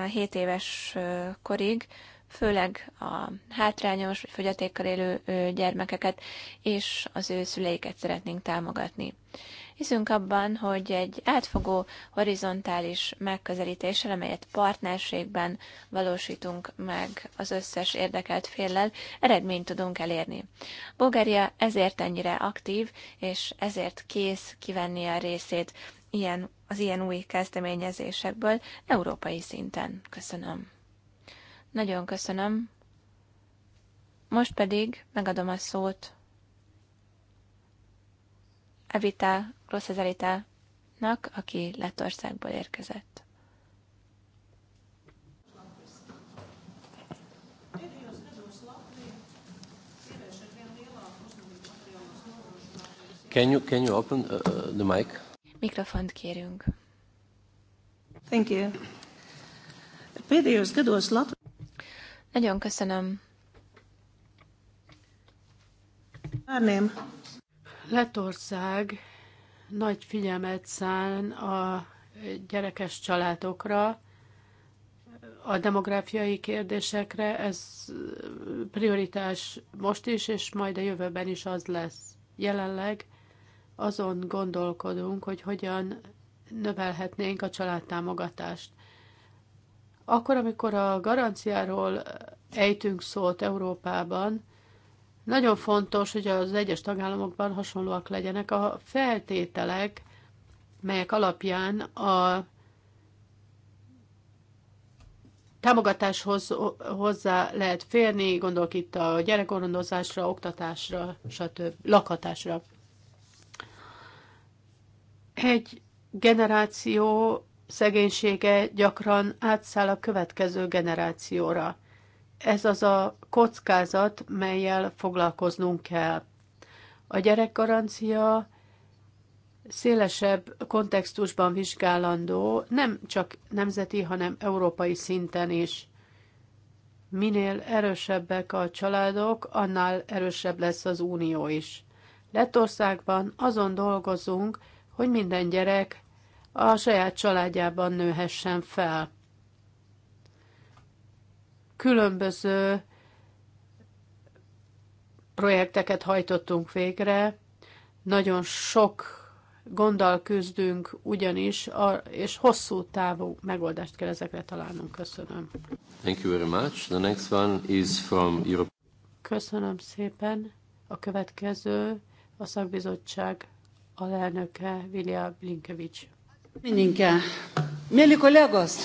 7 éves korig, főleg a hátrányos vagy fogyatékkal élő gyermekeket és az ő szüleiket szeretnénk támogatni. Hiszünk abban, hogy egy átfogó, horizontális megközelítéssel, amelyet partnerségben valósítunk meg az összes érdekelt féllel, eredményt tudunk elérni. Bulgária ezért ennyire aktív, és ezért kész kivenni a részét ilyen, az ilyen új kezdeményezésekből európai szinten. Köszönöm. Nagyon köszönöm. Most pedig megadom a szót Evita Rosszezelitának, aki Lettországból érkezett. Can you, can you open uh, uh the mic? Mikrofont kérünk. Thank you. Pēdējos gados Latvijas. Nagyon köszönöm. Bērniem Letország nagy figyelmet szán a gyerekes családokra, a demográfiai kérdésekre, ez prioritás most is, és majd a jövőben is az lesz. Jelenleg azon gondolkodunk, hogy hogyan növelhetnénk a családtámogatást. Akkor, amikor a garanciáról ejtünk szót Európában, nagyon fontos, hogy az egyes tagállamokban hasonlóak legyenek a feltételek, melyek alapján a támogatáshoz hozzá lehet férni, gondolok itt a gyerekorondozásra, oktatásra, stb. lakhatásra. Egy generáció szegénysége gyakran átszáll a következő generációra. Ez az a kockázat, melyel foglalkoznunk kell. A gyerekgarancia szélesebb kontextusban vizsgálandó, nem csak nemzeti, hanem európai szinten is. Minél erősebbek a családok, annál erősebb lesz az unió is. Lettországban azon dolgozunk, hogy minden gyerek a saját családjában nőhessen fel különböző projekteket hajtottunk végre, nagyon sok gonddal küzdünk ugyanis, a, és hosszú távú megoldást kell ezekre találnunk. Köszönöm. Thank you very much. The next one is from Europe. Köszönöm szépen. A következő a szakbizottság alelnöke Vilja Blinkevics. Mindenki. Mieli kollégos,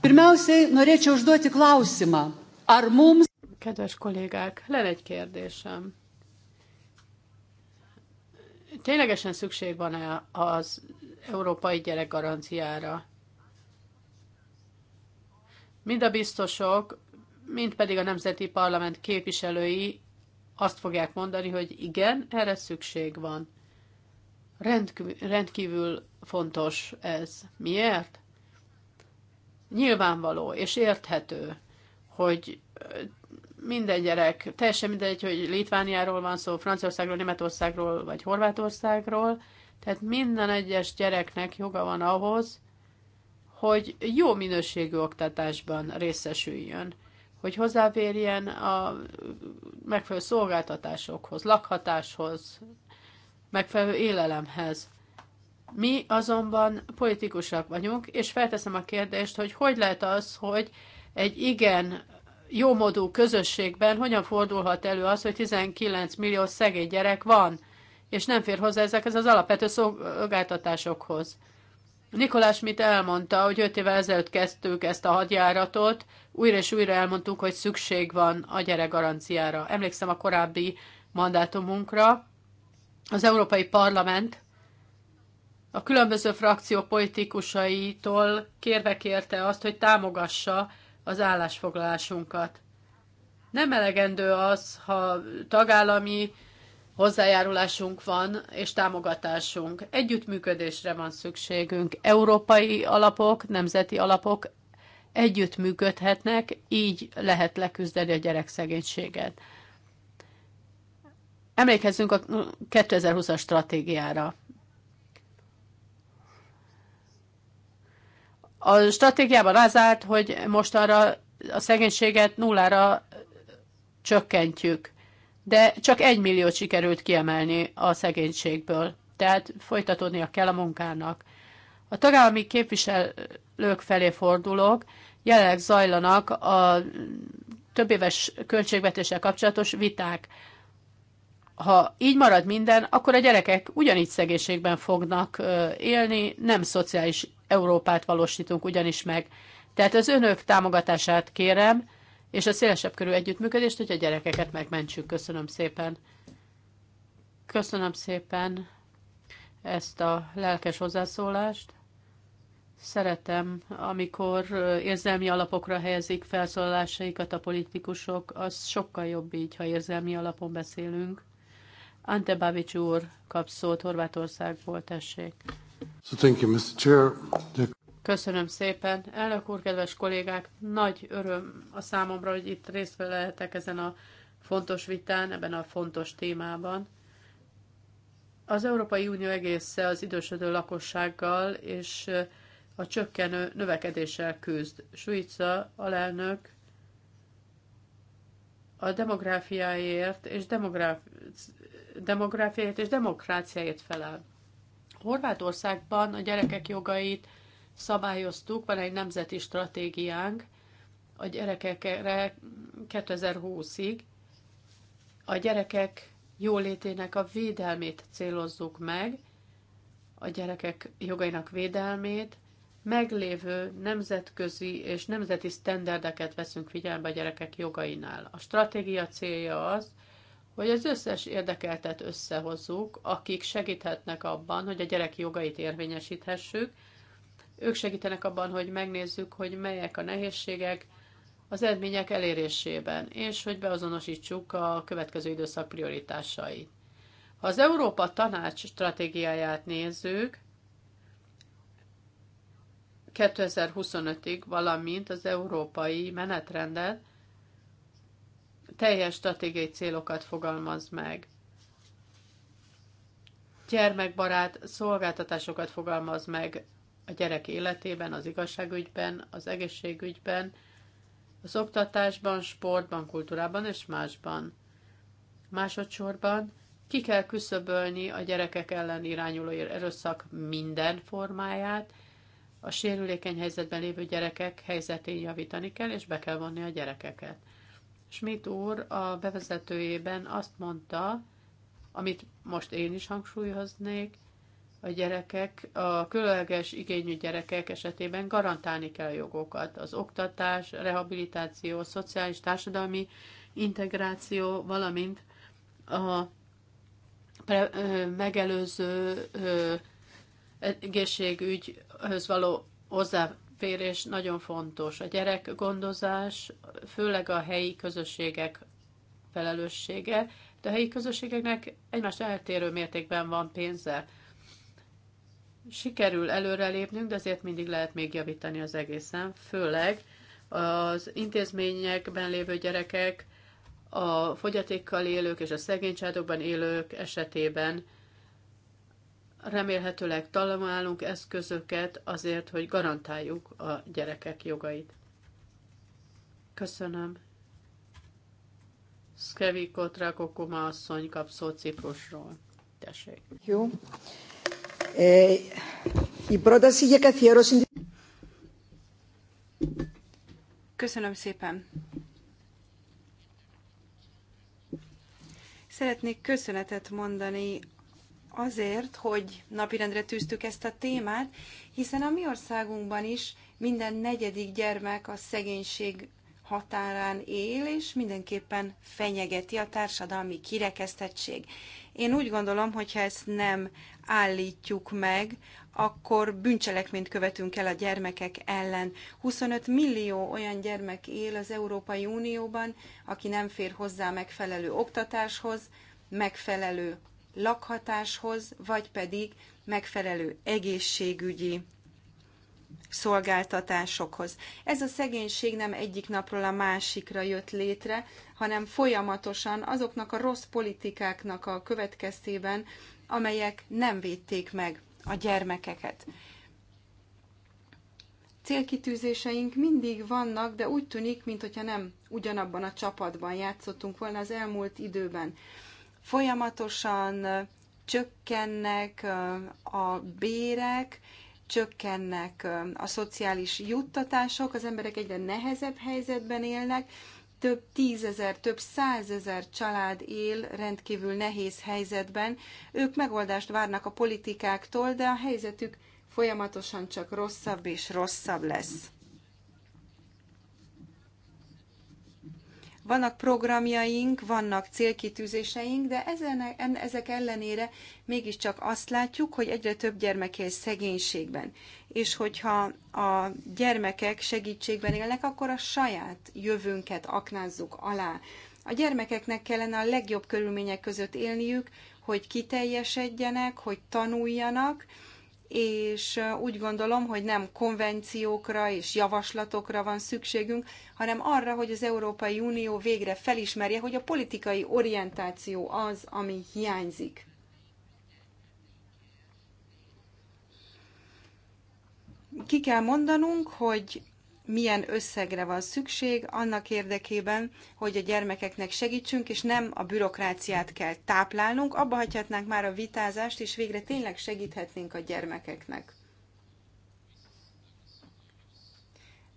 Pirmiausiai norėčiau užduoti klausimą. Ar mums... Kedves kollégák, lenne egy kérdésem. Ténylegesen szükség van-e az európai gyerekgaranciára? Mind a biztosok, mind pedig a Nemzeti Parlament képviselői azt fogják mondani, hogy igen, erre szükség van. rendkívül fontos ez. Miért? nyilvánvaló és érthető, hogy minden gyerek, teljesen mindegy, hogy Litvániáról van szó, Franciaországról, Németországról vagy Horvátországról, tehát minden egyes gyereknek joga van ahhoz, hogy jó minőségű oktatásban részesüljön, hogy hozzáférjen a megfelelő szolgáltatásokhoz, lakhatáshoz, megfelelő élelemhez. Mi azonban politikusak vagyunk, és felteszem a kérdést, hogy hogy lehet az, hogy egy igen jómodú közösségben hogyan fordulhat elő az, hogy 19 millió szegény gyerek van, és nem fér hozzá ezekhez az alapvető szolgáltatásokhoz. Nikolás mit elmondta, hogy 5 évvel ezelőtt kezdtük ezt a hadjáratot, újra és újra elmondtuk, hogy szükség van a gyerek garanciára. Emlékszem a korábbi mandátumunkra, az Európai Parlament a különböző frakció politikusaitól kérve kérte azt, hogy támogassa az állásfoglalásunkat. Nem elegendő az, ha tagállami hozzájárulásunk van és támogatásunk. Együttműködésre van szükségünk. Európai alapok, nemzeti alapok együttműködhetnek, így lehet leküzdeni a gyerekszegénységet. Emlékezzünk a 2020-as stratégiára. A stratégiában az állt, hogy most arra a szegénységet nullára csökkentjük, de csak egy milliót sikerült kiemelni a szegénységből, tehát folytatódnia kell a munkának. A tagállami képviselők felé fordulok, jelenleg zajlanak a többéves költségvetéssel kapcsolatos viták ha így marad minden, akkor a gyerekek ugyanígy szegénységben fognak élni, nem szociális Európát valósítunk ugyanis meg. Tehát az önök támogatását kérem, és a szélesebb körű együttműködést, hogy a gyerekeket megmentsük. Köszönöm szépen. Köszönöm szépen ezt a lelkes hozzászólást. Szeretem, amikor érzelmi alapokra helyezik felszólalásaikat a politikusok, az sokkal jobb így, ha érzelmi alapon beszélünk. Ante Babic úr kap szót Horvátországból, tessék. So thank you, Mr. Chair. Köszönöm szépen. Elnök úr, kedves kollégák, nagy öröm a számomra, hogy itt részt lehetek ezen a fontos vitán, ebben a fontos témában. Az Európai Unió egésze az idősödő lakossággal és eh, a csökkenő növekedéssel küzd. Svica alelnök a demográfiáért és demográf demográfiáért és demokráciáért felel. Horvátországban a gyerekek jogait szabályoztuk, van egy nemzeti stratégiánk a gyerekekre 2020-ig. A gyerekek jólétének a védelmét célozzuk meg, a gyerekek jogainak védelmét, meglévő nemzetközi és nemzeti sztenderdeket veszünk figyelembe a gyerekek jogainál. A stratégia célja az, hogy az összes érdekeltet összehozzuk, akik segíthetnek abban, hogy a gyerek jogait érvényesíthessük. Ők segítenek abban, hogy megnézzük, hogy melyek a nehézségek az eredmények elérésében, és hogy beazonosítsuk a következő időszak prioritásait. Ha az Európa Tanács stratégiáját nézzük, 2025-ig, valamint az európai menetrendet, teljes stratégiai célokat fogalmaz meg. Gyermekbarát szolgáltatásokat fogalmaz meg a gyerek életében, az igazságügyben, az egészségügyben, az oktatásban, sportban, kultúrában és másban. Másodszorban ki kell küszöbölni a gyerekek ellen irányuló erőszak minden formáját, a sérülékeny helyzetben lévő gyerekek helyzetén javítani kell, és be kell vonni a gyerekeket. Schmidt úr a bevezetőjében azt mondta, amit most én is hangsúlyoznék, a gyerekek, a különleges igényű gyerekek esetében garantálni kell a jogokat. Az oktatás, rehabilitáció, szociális, társadalmi integráció, valamint a pre, ö, megelőző egészségügyhöz való hozzá férés nagyon fontos. A gyerekgondozás főleg a helyi közösségek felelőssége, de a helyi közösségeknek egymást eltérő mértékben van pénze. Sikerül előrelépnünk, de azért mindig lehet még javítani az egészen, főleg az intézményekben lévő gyerekek, a fogyatékkal élők és a szegénycsádokban élők esetében remélhetőleg találunk eszközöket azért, hogy garantáljuk a gyerekek jogait. Köszönöm. Szkevikot Rakokuma asszony kap szó Ciprusról. Tessék. Jó. E, η πρόταση για καθιέρωση... Köszönöm szépen. Szeretnék köszönetet mondani azért, hogy napirendre tűztük ezt a témát, hiszen a mi országunkban is minden negyedik gyermek a szegénység határán él, és mindenképpen fenyegeti a társadalmi kirekesztettség. Én úgy gondolom, hogy ha ezt nem állítjuk meg, akkor bűncselekményt követünk el a gyermekek ellen. 25 millió olyan gyermek él az Európai Unióban, aki nem fér hozzá megfelelő oktatáshoz, megfelelő lakhatáshoz, vagy pedig megfelelő egészségügyi szolgáltatásokhoz. Ez a szegénység nem egyik napról a másikra jött létre, hanem folyamatosan azoknak a rossz politikáknak a következtében, amelyek nem védték meg a gyermekeket. Célkitűzéseink mindig vannak, de úgy tűnik, mintha nem ugyanabban a csapatban játszottunk volna az elmúlt időben. Folyamatosan csökkennek a bérek, csökkennek a szociális juttatások, az emberek egyre nehezebb helyzetben élnek, több tízezer, több százezer család él rendkívül nehéz helyzetben. Ők megoldást várnak a politikáktól, de a helyzetük folyamatosan csak rosszabb és rosszabb lesz. Vannak programjaink, vannak célkitűzéseink, de ezen, en, ezek ellenére mégiscsak azt látjuk, hogy egyre több gyermek él szegénységben. És hogyha a gyermekek segítségben élnek, akkor a saját jövőnket aknázzuk alá. A gyermekeknek kellene a legjobb körülmények között élniük, hogy kiteljesedjenek, hogy tanuljanak, és úgy gondolom, hogy nem konvenciókra és javaslatokra van szükségünk, hanem arra, hogy az Európai Unió végre felismerje, hogy a politikai orientáció az, ami hiányzik. Ki kell mondanunk, hogy milyen összegre van szükség annak érdekében, hogy a gyermekeknek segítsünk, és nem a bürokráciát kell táplálnunk, abba hagyhatnánk már a vitázást, és végre tényleg segíthetnénk a gyermekeknek.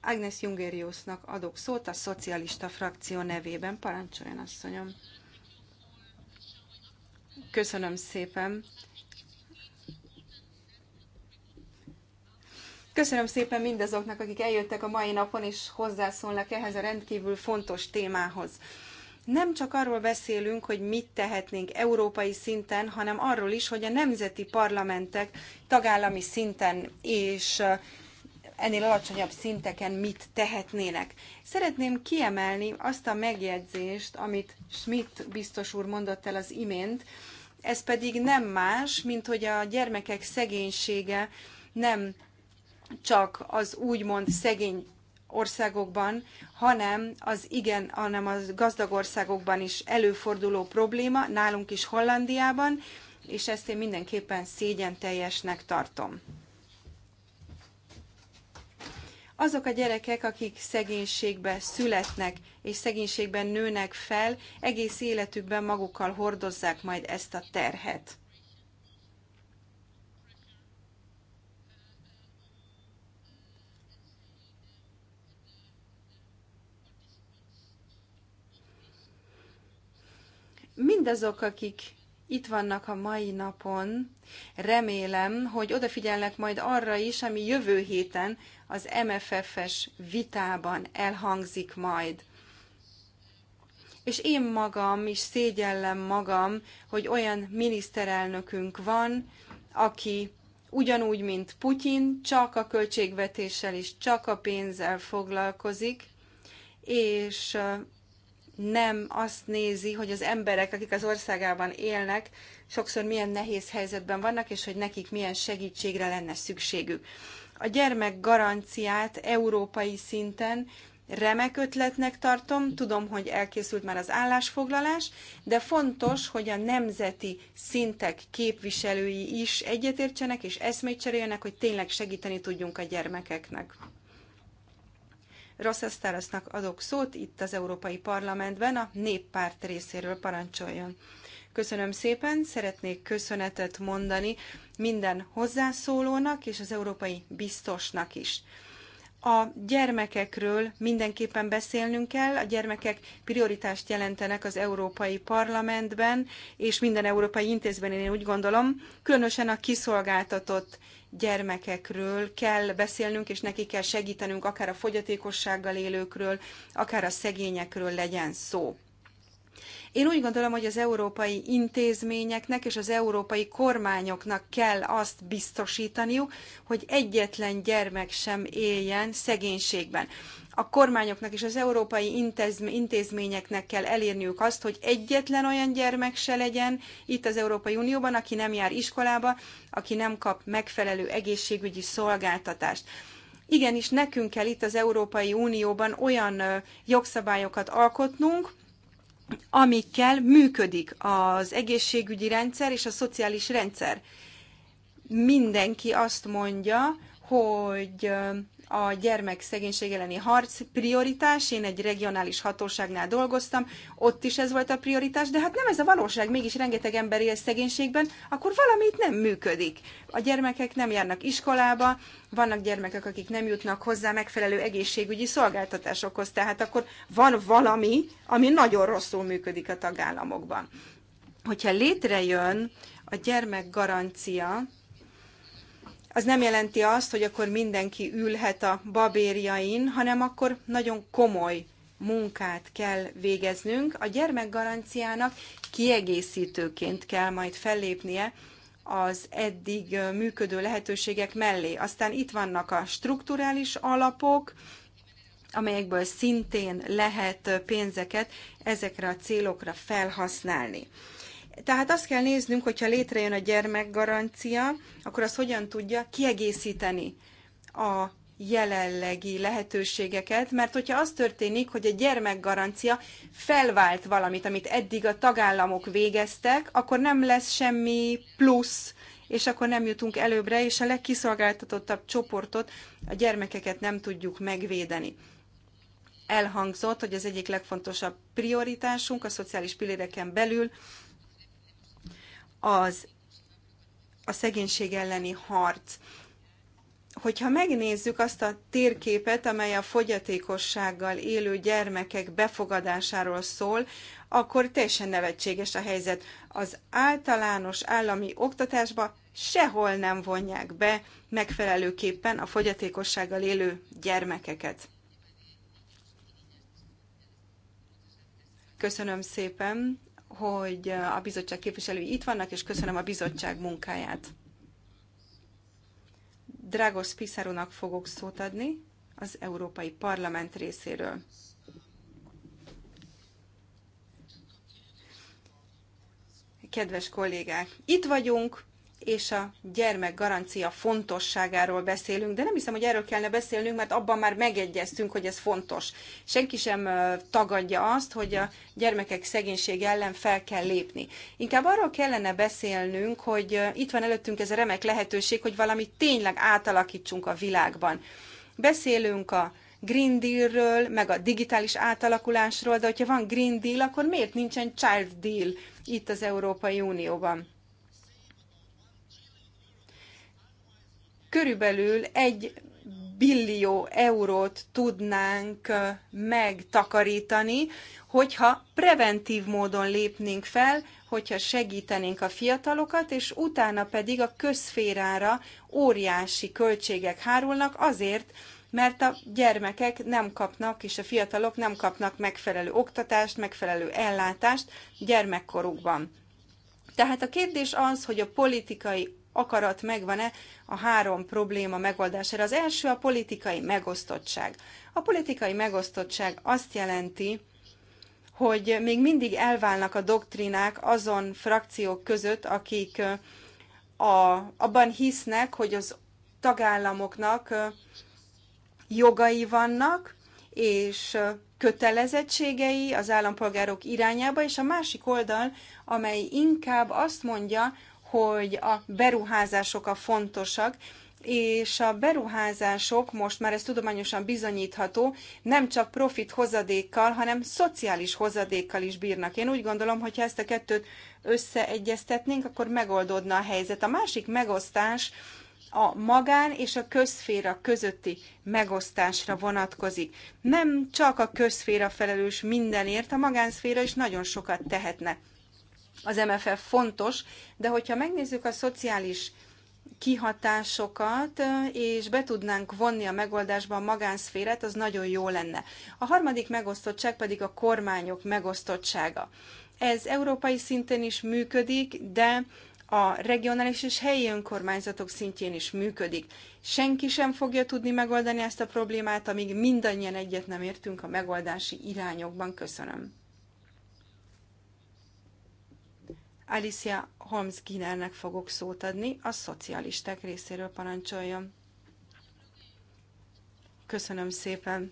Agnes Jungeriusnak adok szót a szocialista frakció nevében. Parancsoljon, asszonyom! Köszönöm szépen! Köszönöm szépen mindazoknak, akik eljöttek a mai napon, és hozzászólnak ehhez a rendkívül fontos témához. Nem csak arról beszélünk, hogy mit tehetnénk európai szinten, hanem arról is, hogy a nemzeti parlamentek tagállami szinten és ennél alacsonyabb szinteken mit tehetnének. Szeretném kiemelni azt a megjegyzést, amit Schmidt biztos úr mondott el az imént, ez pedig nem más, mint hogy a gyermekek szegénysége nem csak az úgymond szegény országokban, hanem az igen, hanem az gazdag országokban is előforduló probléma, nálunk is Hollandiában, és ezt én mindenképpen szégyen teljesnek tartom. Azok a gyerekek, akik szegénységbe születnek és szegénységben nőnek fel, egész életükben magukkal hordozzák majd ezt a terhet. mindazok, akik itt vannak a mai napon, remélem, hogy odafigyelnek majd arra is, ami jövő héten az MFF-es vitában elhangzik majd. És én magam is szégyellem magam, hogy olyan miniszterelnökünk van, aki ugyanúgy, mint Putyin, csak a költségvetéssel és csak a pénzzel foglalkozik, és nem azt nézi, hogy az emberek, akik az országában élnek, sokszor milyen nehéz helyzetben vannak, és hogy nekik milyen segítségre lenne szükségük. A gyermek garanciát európai szinten remek ötletnek tartom, tudom, hogy elkészült már az állásfoglalás, de fontos, hogy a nemzeti szintek képviselői is egyetértsenek és eszmét cseréljenek, hogy tényleg segíteni tudjunk a gyermekeknek. Rosszasztárosznak adok szót itt az Európai Parlamentben a néppárt részéről parancsoljon. Köszönöm szépen, szeretnék köszönetet mondani minden hozzászólónak és az európai biztosnak is. A gyermekekről mindenképpen beszélnünk kell. A gyermekek prioritást jelentenek az Európai Parlamentben, és minden európai intézményen én úgy gondolom, különösen a kiszolgáltatott gyermekekről kell beszélnünk, és neki kell segítenünk, akár a fogyatékossággal élőkről, akár a szegényekről legyen szó. Én úgy gondolom, hogy az európai intézményeknek és az európai kormányoknak kell azt biztosítaniuk, hogy egyetlen gyermek sem éljen szegénységben a kormányoknak és az európai intézményeknek kell elérniük azt, hogy egyetlen olyan gyermek se legyen itt az Európai Unióban, aki nem jár iskolába, aki nem kap megfelelő egészségügyi szolgáltatást. Igenis, nekünk kell itt az Európai Unióban olyan jogszabályokat alkotnunk, amikkel működik az egészségügyi rendszer és a szociális rendszer. Mindenki azt mondja, hogy a szegénység elleni harc prioritás. Én egy regionális hatóságnál dolgoztam, ott is ez volt a prioritás, de hát nem ez a valóság, mégis rengeteg ember él szegénységben, akkor valami itt nem működik. A gyermekek nem járnak iskolába, vannak gyermekek, akik nem jutnak hozzá megfelelő egészségügyi szolgáltatásokhoz, tehát akkor van valami, ami nagyon rosszul működik a tagállamokban. Hogyha létrejön a gyermekgarancia, az nem jelenti azt, hogy akkor mindenki ülhet a babérjain, hanem akkor nagyon komoly munkát kell végeznünk. A gyermekgaranciának kiegészítőként kell majd fellépnie az eddig működő lehetőségek mellé. Aztán itt vannak a strukturális alapok, amelyekből szintén lehet pénzeket ezekre a célokra felhasználni. Tehát azt kell néznünk, hogyha létrejön a gyermekgarancia, akkor azt hogyan tudja kiegészíteni a jelenlegi lehetőségeket, mert hogyha az történik, hogy a gyermekgarancia felvált valamit, amit eddig a tagállamok végeztek, akkor nem lesz semmi plusz, és akkor nem jutunk előbbre, és a legkiszolgáltatottabb csoportot, a gyermekeket nem tudjuk megvédeni. Elhangzott, hogy az egyik legfontosabb prioritásunk a szociális pilléreken belül az a szegénység elleni harc. Hogyha megnézzük azt a térképet, amely a fogyatékossággal élő gyermekek befogadásáról szól, akkor teljesen nevetséges a helyzet. Az általános állami oktatásba sehol nem vonják be megfelelőképpen a fogyatékossággal élő gyermekeket. Köszönöm szépen hogy a bizottság képviselői itt vannak, és köszönöm a bizottság munkáját. Dragos Piszárónak fogok szót adni az Európai Parlament részéről. Kedves kollégák, itt vagyunk, és a garancia fontosságáról beszélünk, de nem hiszem, hogy erről kellene beszélnünk, mert abban már megegyeztünk, hogy ez fontos. Senki sem tagadja azt, hogy a gyermekek szegénység ellen fel kell lépni. Inkább arról kellene beszélnünk, hogy itt van előttünk ez a remek lehetőség, hogy valamit tényleg átalakítsunk a világban. Beszélünk a Green Dealről, meg a digitális átalakulásról, de hogyha van Green Deal, akkor miért nincsen Child Deal itt az Európai Unióban? körülbelül egy billió eurót tudnánk megtakarítani, hogyha preventív módon lépnénk fel, hogyha segítenénk a fiatalokat, és utána pedig a közférára óriási költségek hárulnak azért, mert a gyermekek nem kapnak, és a fiatalok nem kapnak megfelelő oktatást, megfelelő ellátást gyermekkorukban. Tehát a kérdés az, hogy a politikai akarat megvan-e a három probléma megoldására. Az első a politikai megosztottság. A politikai megosztottság azt jelenti, hogy még mindig elválnak a doktrinák azon frakciók között, akik a, abban hisznek, hogy az tagállamoknak jogai vannak, és kötelezettségei az állampolgárok irányába, és a másik oldal, amely inkább azt mondja, hogy a beruházások a fontosak, és a beruházások, most már ez tudományosan bizonyítható, nem csak profit hozadékkal, hanem szociális hozadékkal is bírnak. Én úgy gondolom, hogy ha ezt a kettőt összeegyeztetnénk, akkor megoldódna a helyzet. A másik megosztás a magán és a közféra közötti megosztásra vonatkozik. Nem csak a közféra felelős mindenért, a magánszféra is nagyon sokat tehetne az MFF fontos, de hogyha megnézzük a szociális kihatásokat, és be tudnánk vonni a megoldásba a magánszférát, az nagyon jó lenne. A harmadik megosztottság pedig a kormányok megosztottsága. Ez európai szinten is működik, de a regionális és helyi önkormányzatok szintjén is működik. Senki sem fogja tudni megoldani ezt a problémát, amíg mindannyian egyet nem értünk a megoldási irányokban. Köszönöm. Alicia Holmes Ginernek fogok szót adni, a szocialisták részéről parancsoljon. Köszönöm szépen!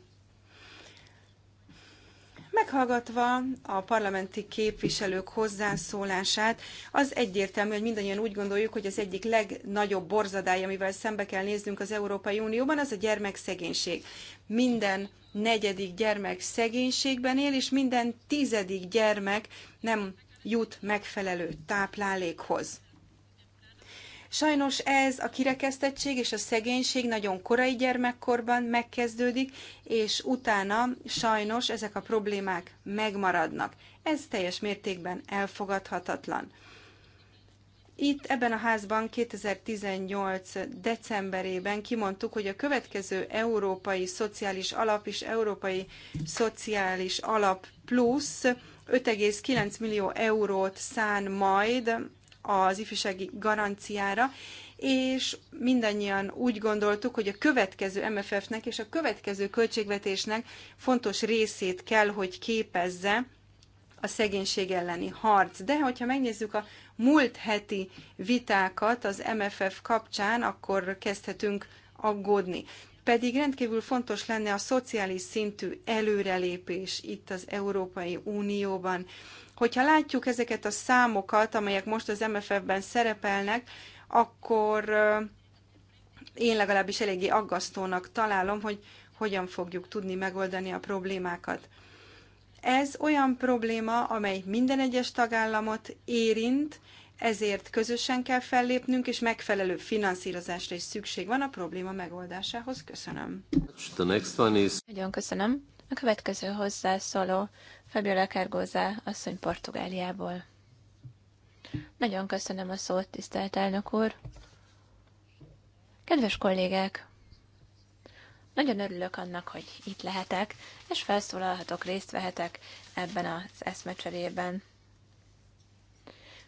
Meghallgatva a parlamenti képviselők hozzászólását, az egyértelmű, hogy mindannyian úgy gondoljuk, hogy az egyik legnagyobb borzadály, amivel szembe kell néznünk az Európai Unióban, az a gyermekszegénység. Minden negyedik gyermek szegénységben él, és minden tizedik gyermek nem jut megfelelő táplálékhoz. Sajnos ez a kirekesztettség és a szegénység nagyon korai gyermekkorban megkezdődik, és utána sajnos ezek a problémák megmaradnak. Ez teljes mértékben elfogadhatatlan. Itt ebben a házban 2018. decemberében kimondtuk, hogy a következő Európai Szociális Alap és Európai Szociális Alap Plusz 5,9 millió eurót szán majd az ifjúsági garanciára, és mindannyian úgy gondoltuk, hogy a következő MFF-nek és a következő költségvetésnek fontos részét kell, hogy képezze a szegénység elleni harc. De hogyha megnézzük a múlt heti vitákat az MFF kapcsán, akkor kezdhetünk aggódni pedig rendkívül fontos lenne a szociális szintű előrelépés itt az Európai Unióban. Hogyha látjuk ezeket a számokat, amelyek most az MFF-ben szerepelnek, akkor én legalábbis eléggé aggasztónak találom, hogy hogyan fogjuk tudni megoldani a problémákat. Ez olyan probléma, amely minden egyes tagállamot érint, ezért közösen kell fellépnünk, és megfelelő finanszírozásra is szükség van a probléma megoldásához. Köszönöm. The next one is... Nagyon köszönöm. A következő hozzászóló Fabiola Kárgózá, asszony Portugáliából. Nagyon köszönöm a szót, tisztelt elnök úr. Kedves kollégák! Nagyon örülök annak, hogy itt lehetek, és felszólalhatok, részt vehetek ebben az eszmecserében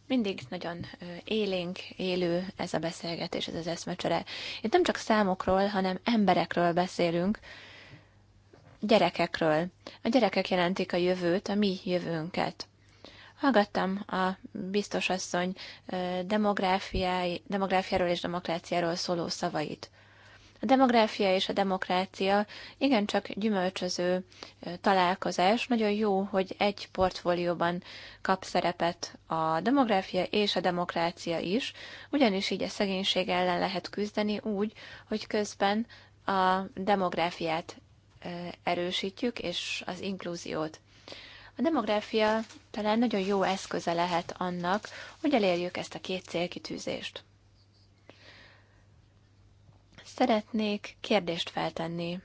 mindig nagyon élénk, élő ez a beszélgetés, ez az eszmecsere. Itt nem csak számokról, hanem emberekről beszélünk, gyerekekről. A gyerekek jelentik a jövőt, a mi jövőnket. Hallgattam a biztosasszony demográfiáról és demokráciáról szóló szavait. A demográfia és a demokrácia igencsak gyümölcsöző találkozás. Nagyon jó, hogy egy portfólióban kap szerepet a demográfia és a demokrácia is, ugyanis így a szegénység ellen lehet küzdeni úgy, hogy közben a demográfiát erősítjük, és az inkluziót. A demográfia talán nagyon jó eszköze lehet annak, hogy elérjük ezt a két célkitűzést. Szeretnék kérdést feltenni.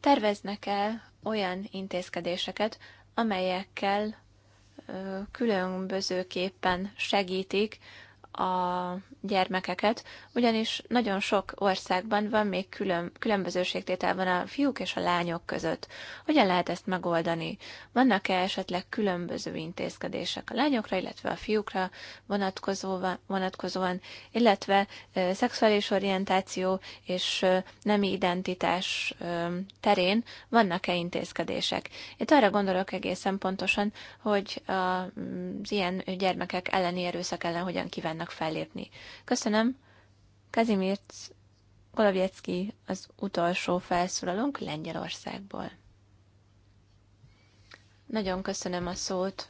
Terveznek e olyan intézkedéseket, amelyekkel különbözőképpen segítik a gyermekeket, ugyanis nagyon sok országban van még külön, különbözőségtétel van a fiúk és a lányok között. Hogyan lehet ezt megoldani? Vannak-e esetleg különböző intézkedések a lányokra, illetve a fiúkra vonatkozóan, illetve ö, szexuális orientáció és ö, nemi identitás ö, terén vannak-e intézkedések? Itt arra gondolok egészen pontosan, hogy az ilyen gyermekek elleni erőszak ellen hogyan kívánnak tudnak fellépni. Köszönöm. Kazimierz Golovjecki az utolsó felszólalónk Lengyelországból. Nagyon köszönöm a szót.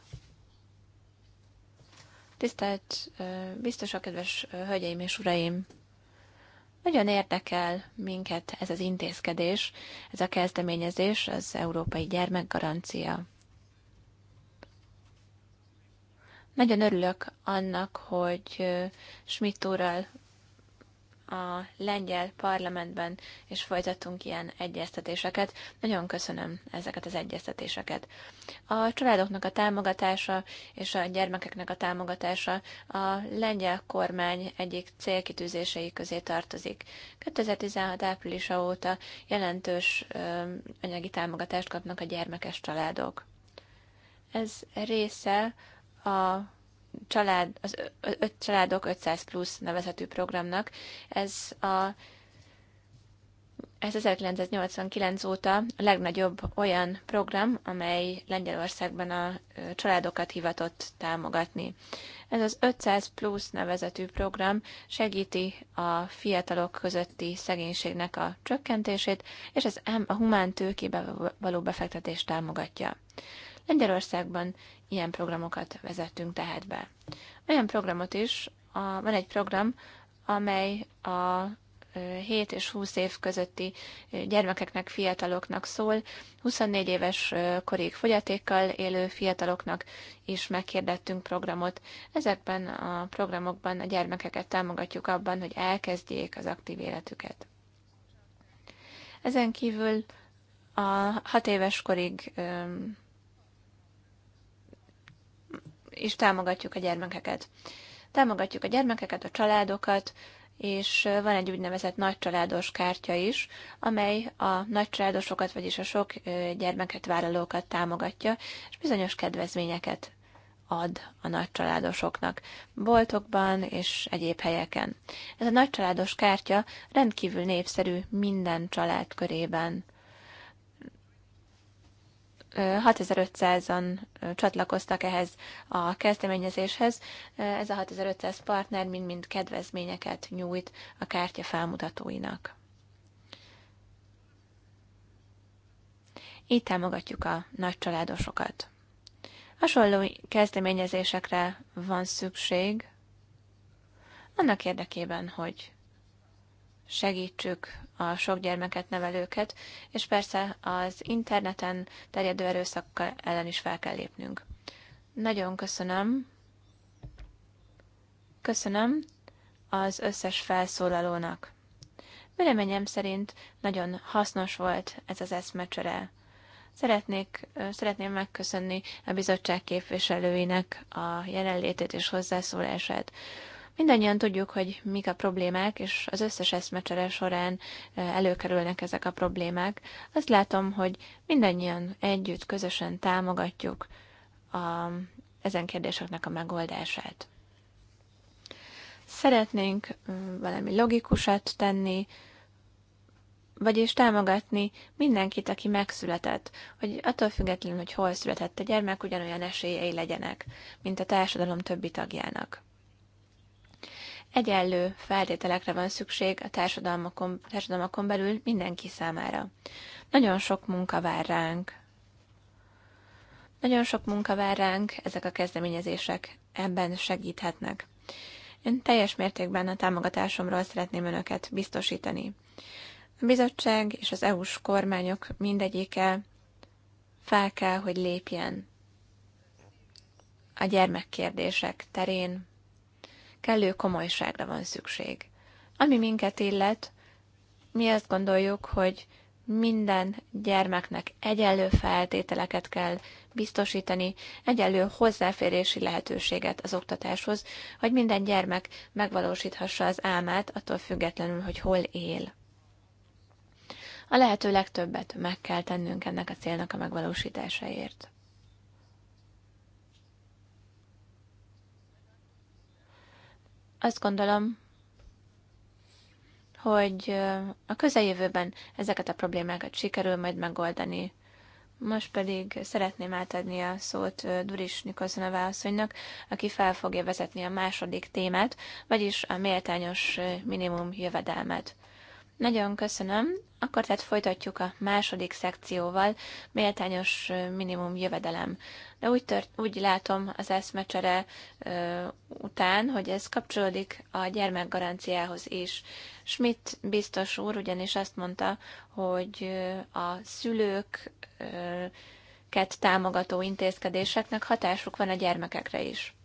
Tisztelt biztosak, kedves hölgyeim és uraim! Nagyon érdekel minket ez az intézkedés, ez a kezdeményezés, az Európai Gyermekgarancia. Nagyon örülök annak, hogy Schmidt úrral a lengyel parlamentben is folytatunk ilyen egyeztetéseket. Nagyon köszönöm ezeket az egyeztetéseket. A családoknak a támogatása és a gyermekeknek a támogatása a lengyel kormány egyik célkitűzései közé tartozik. 2016 áprilisa óta jelentős anyagi támogatást kapnak a gyermekes családok. Ez része a család, az öt családok 500 plusz nevezetű programnak. Ez a ez 1989 óta a legnagyobb olyan program, amely Lengyelországban a családokat hivatott támogatni. Ez az 500 plusz nevezetű program segíti a fiatalok közötti szegénységnek a csökkentését, és ez a humán tőkébe való befektetést támogatja. Lengyelországban Ilyen programokat vezettünk tehát be. Olyan programot is, a, van egy program, amely a 7 és 20 év közötti gyermekeknek, fiataloknak szól. 24 éves korig fogyatékkal élő fiataloknak is megkérdettünk programot. Ezekben a programokban a gyermekeket támogatjuk abban, hogy elkezdjék az aktív életüket. Ezen kívül a 6 éves korig és támogatjuk a gyermekeket. Támogatjuk a gyermekeket, a családokat, és van egy úgynevezett nagycsaládos kártya is, amely a nagycsaládosokat, vagyis a sok gyermeket vállalókat támogatja, és bizonyos kedvezményeket ad a nagycsaládosoknak, boltokban és egyéb helyeken. Ez a nagycsaládos kártya rendkívül népszerű minden család körében. 6500-an csatlakoztak ehhez a kezdeményezéshez. Ez a 6500 partner mind-mind kedvezményeket nyújt a kártya felmutatóinak. Így támogatjuk a nagycsaládosokat. Hasonló kezdeményezésekre van szükség annak érdekében, hogy segítsük a sok gyermeket nevelőket, és persze az interneten terjedő erőszakkal ellen is fel kell lépnünk. Nagyon köszönöm. Köszönöm az összes felszólalónak. Véleményem szerint nagyon hasznos volt ez az eszmecsere. Szeretnék, szeretném megköszönni a bizottság képviselőinek a jelenlétét és hozzászólását. Mindannyian tudjuk, hogy mik a problémák, és az összes eszmecsere során előkerülnek ezek a problémák. Azt látom, hogy mindannyian együtt, közösen támogatjuk a, ezen kérdéseknek a megoldását. Szeretnénk valami logikusat tenni, vagyis támogatni mindenkit, aki megszületett, hogy attól függetlenül, hogy hol született a gyermek, ugyanolyan esélyei legyenek, mint a társadalom többi tagjának egyenlő feltételekre van szükség a társadalmakon, társadalmakon belül mindenki számára. Nagyon sok munka vár ránk. Nagyon sok munka vár ránk, ezek a kezdeményezések ebben segíthetnek. Én teljes mértékben a támogatásomról szeretném önöket biztosítani. A bizottság és az EU-s kormányok mindegyike fel kell, hogy lépjen a gyermekkérdések terén, kellő komolyságra van szükség. Ami minket illet, mi azt gondoljuk, hogy minden gyermeknek egyenlő feltételeket kell biztosítani, egyenlő hozzáférési lehetőséget az oktatáshoz, hogy minden gyermek megvalósíthassa az álmát, attól függetlenül, hogy hol él. A lehető legtöbbet meg kell tennünk ennek a célnak a megvalósításáért. Azt gondolom, hogy a közeljövőben ezeket a problémákat sikerül majd megoldani. Most pedig szeretném átadni a szót Duris a válaszonynak, aki fel fogja vezetni a második témát, vagyis a méltányos minimum jövedelmet. Nagyon köszönöm. Akkor tehát folytatjuk a második szekcióval, méltányos minimum jövedelem. De úgy, tört, úgy látom az eszmecsere ö, után, hogy ez kapcsolódik a gyermekgaranciához is. Schmidt biztos úr ugyanis azt mondta, hogy a szülők ö, támogató intézkedéseknek hatásuk van a gyermekekre is.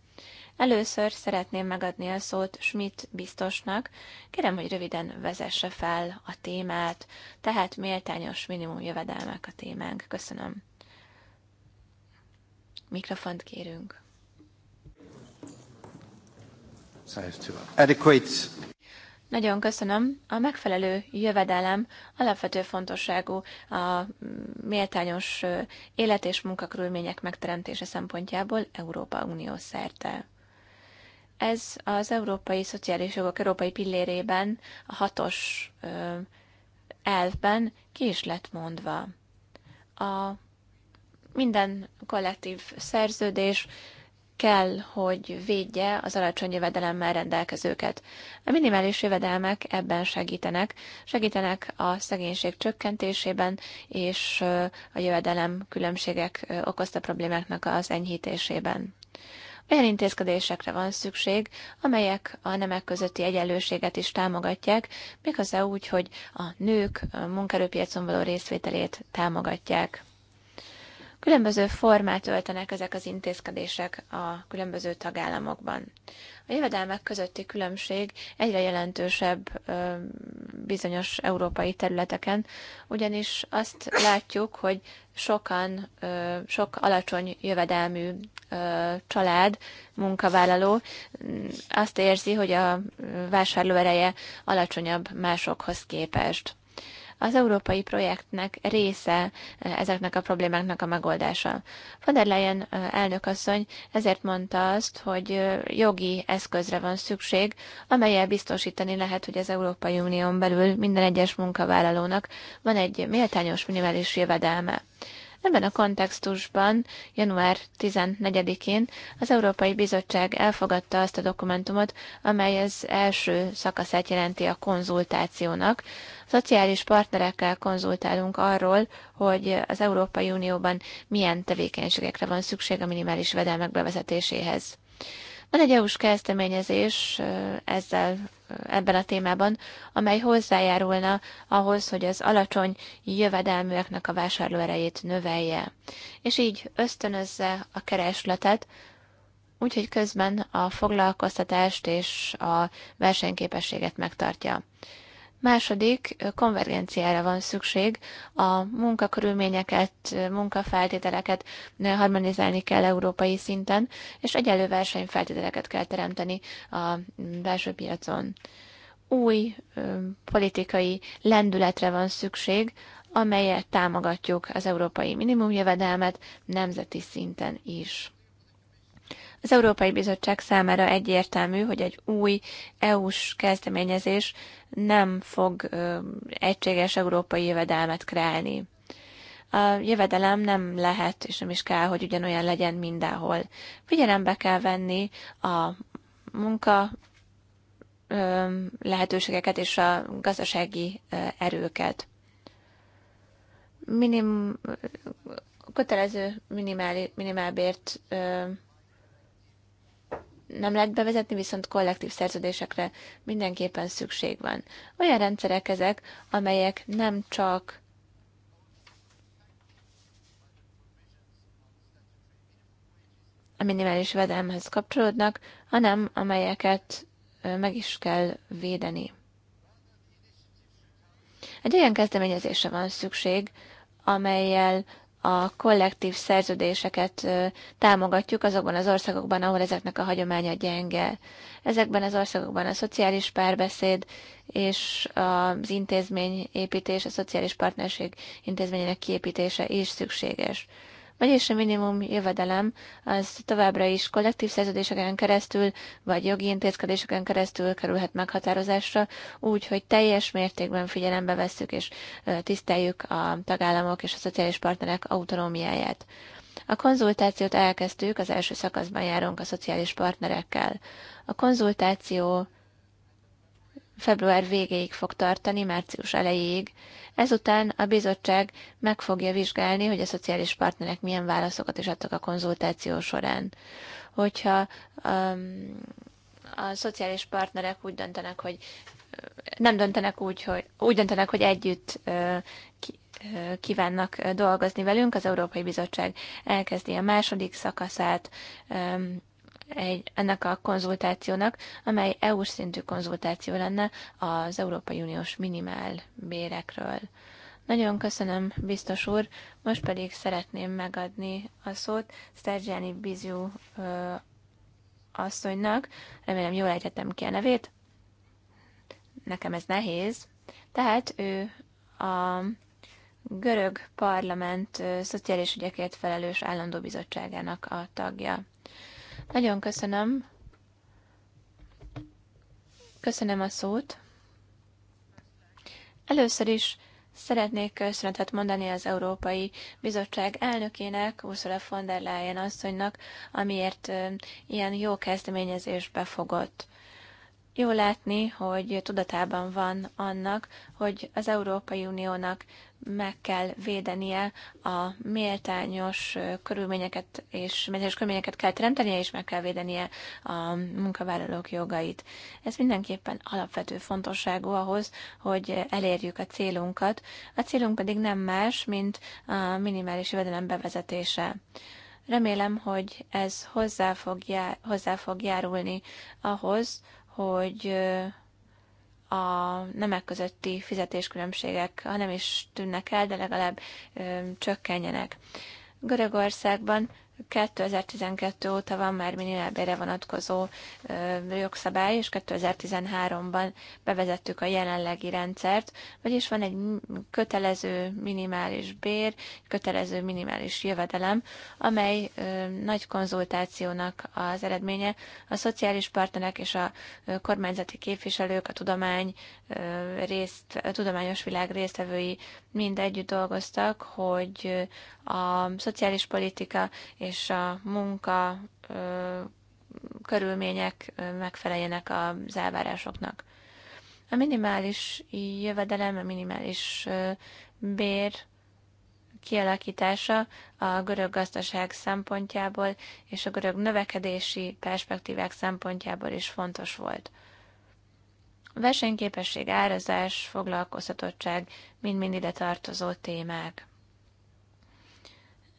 Először szeretném megadni a szót Schmidt biztosnak. Kérem, hogy röviden vezesse fel a témát, tehát méltányos minimum jövedelmek a témánk. Köszönöm. Mikrofont kérünk. Adequate. Nagyon köszönöm. A megfelelő jövedelem alapvető fontosságú a méltányos élet és munkakörülmények megteremtése szempontjából Európa Unió szerte. Ez az Európai Szociális Jogok Európai Pillérében, a hatos ö, elvben ki is lett mondva. A minden kollektív szerződés kell, hogy védje az alacsony jövedelemmel rendelkezőket. A minimális jövedelmek ebben segítenek. Segítenek a szegénység csökkentésében és a jövedelem különbségek okozta problémáknak az enyhítésében. Olyan intézkedésekre van szükség, amelyek a nemek közötti egyenlőséget is támogatják, méghozzá úgy, hogy a nők munkerőpiacon való részvételét támogatják. Különböző formát öltenek ezek az intézkedések a különböző tagállamokban. A jövedelmek közötti különbség egyre jelentősebb bizonyos európai területeken, ugyanis azt látjuk, hogy sokan, sok alacsony jövedelmű család, munkavállaló mm, azt érzi, hogy a vásárlóereje alacsonyabb másokhoz képest az európai projektnek része ezeknek a problémáknak a megoldása. Von der Leyen elnökasszony ezért mondta azt, hogy jogi eszközre van szükség, amelyel biztosítani lehet, hogy az Európai Unión belül minden egyes munkavállalónak van egy méltányos minimális jövedelme. Ebben a kontextusban január 14-én az Európai Bizottság elfogadta azt a dokumentumot, amely az első szakaszát jelenti a konzultációnak. A szociális partnerekkel konzultálunk arról, hogy az Európai Unióban milyen tevékenységekre van szükség a minimális vedelmek bevezetéséhez. Van egy EU-s kezdeményezés ezzel ebben a témában, amely hozzájárulna ahhoz, hogy az alacsony jövedelműeknek a vásárlóerejét növelje, és így ösztönözze a keresletet, úgyhogy közben a foglalkoztatást és a versenyképességet megtartja. Második, konvergenciára van szükség. A munkakörülményeket, munkafeltételeket harmonizálni kell európai szinten, és egyenlő versenyfeltételeket kell teremteni a belső piacon. Új politikai lendületre van szükség, amelyet támogatjuk az európai minimumjövedelmet nemzeti szinten is. Az Európai Bizottság számára egyértelmű, hogy egy új EU-s kezdeményezés nem fog egységes európai jövedelmet kreálni. A jövedelem nem lehet, és nem is kell, hogy ugyanolyan legyen mindenhol. Figyelembe kell venni a munka lehetőségeket és a gazdasági erőket. Minim, kötelező minimál, minimálbért nem lehet bevezetni, viszont kollektív szerződésekre mindenképpen szükség van. Olyan rendszerek ezek, amelyek nem csak a minimális vedelmhez kapcsolódnak, hanem amelyeket meg is kell védeni. Egy olyan kezdeményezésre van szükség, amelyel a kollektív szerződéseket támogatjuk azokban az országokban, ahol ezeknek a hagyománya gyenge. Ezekben az országokban a szociális párbeszéd és az intézményépítés, a szociális partnerség intézményének kiépítése is szükséges vagyis a minimum jövedelem az továbbra is kollektív szerződéseken keresztül, vagy jogi intézkedéseken keresztül kerülhet meghatározásra, úgy, hogy teljes mértékben figyelembe vesszük és tiszteljük a tagállamok és a szociális partnerek autonómiáját. A konzultációt elkezdtük, az első szakaszban járunk a szociális partnerekkel. A konzultáció február végéig fog tartani, március elejéig. Ezután a bizottság meg fogja vizsgálni, hogy a szociális partnerek milyen válaszokat is adtak a konzultáció során. Hogyha um, a szociális partnerek úgy döntenek, hogy nem döntenek úgy, hogy úgy döntenek, hogy együtt kívánnak dolgozni velünk. Az Európai Bizottság elkezdi a második szakaszát, egy, ennek a konzultációnak, amely eu szintű konzultáció lenne az Európai Uniós minimál bérekről. Nagyon köszönöm, biztos úr. Most pedig szeretném megadni a szót Szerzsáni Biziu ö, asszonynak. Remélem jól egyetem ki a nevét. Nekem ez nehéz. Tehát ő a görög parlament szociális ügyekért felelős állandó bizottságának a tagja. Nagyon köszönöm. Köszönöm a szót. Először is szeretnék köszönetet mondani az Európai Bizottság elnökének, Ursula von der Leyen asszonynak, amiért ilyen jó kezdeményezés befogott. Jó látni, hogy tudatában van annak, hogy az Európai Uniónak meg kell védenie a méltányos körülményeket, és méltányos körülményeket kell teremtenie, és meg kell védenie a munkavállalók jogait. Ez mindenképpen alapvető fontosságú ahhoz, hogy elérjük a célunkat. A célunk pedig nem más, mint a minimális jövedelem bevezetése. Remélem, hogy ez hozzá fog, jár, hozzá fog járulni ahhoz, hogy a nemek közötti fizetéskülönbségek, ha nem is tűnnek el, de legalább ö, csökkenjenek. Görögországban 2012 óta van már minimálbére vonatkozó jogszabály, és 2013-ban bevezettük a jelenlegi rendszert, vagyis van egy kötelező minimális bér, kötelező minimális jövedelem, amely nagy konzultációnak az eredménye. A szociális partnerek és a kormányzati képviselők, a tudomány részt, a tudományos világ résztvevői mind együtt dolgoztak, hogy a szociális politika és a munka körülmények megfeleljenek az elvárásoknak. A minimális jövedelem, a minimális bér kialakítása a görög gazdaság szempontjából és a görög növekedési perspektívák szempontjából is fontos volt. A versenyképesség, árazás, foglalkoztatottság mind-mind ide tartozó témák.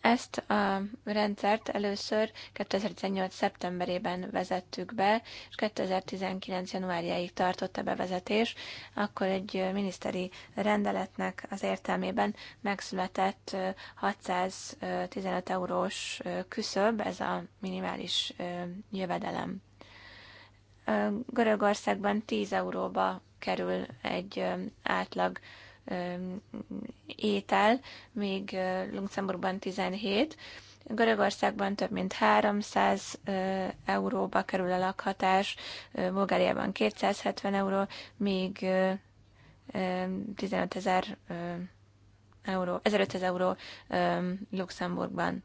Ezt a rendszert először 2018. szeptemberében vezettük be, és 2019. januárjáig tartott a bevezetés. Akkor egy miniszteri rendeletnek az értelmében megszületett 615 eurós küszöb, ez a minimális jövedelem. Görögországban 10 euróba kerül egy átlag étel, még Luxemburgban 17, Görögországban több mint 300 euróba kerül a lakhatás, Bulgáriában 270 euró, még 15 ezer euró, 1500 euró Luxemburgban.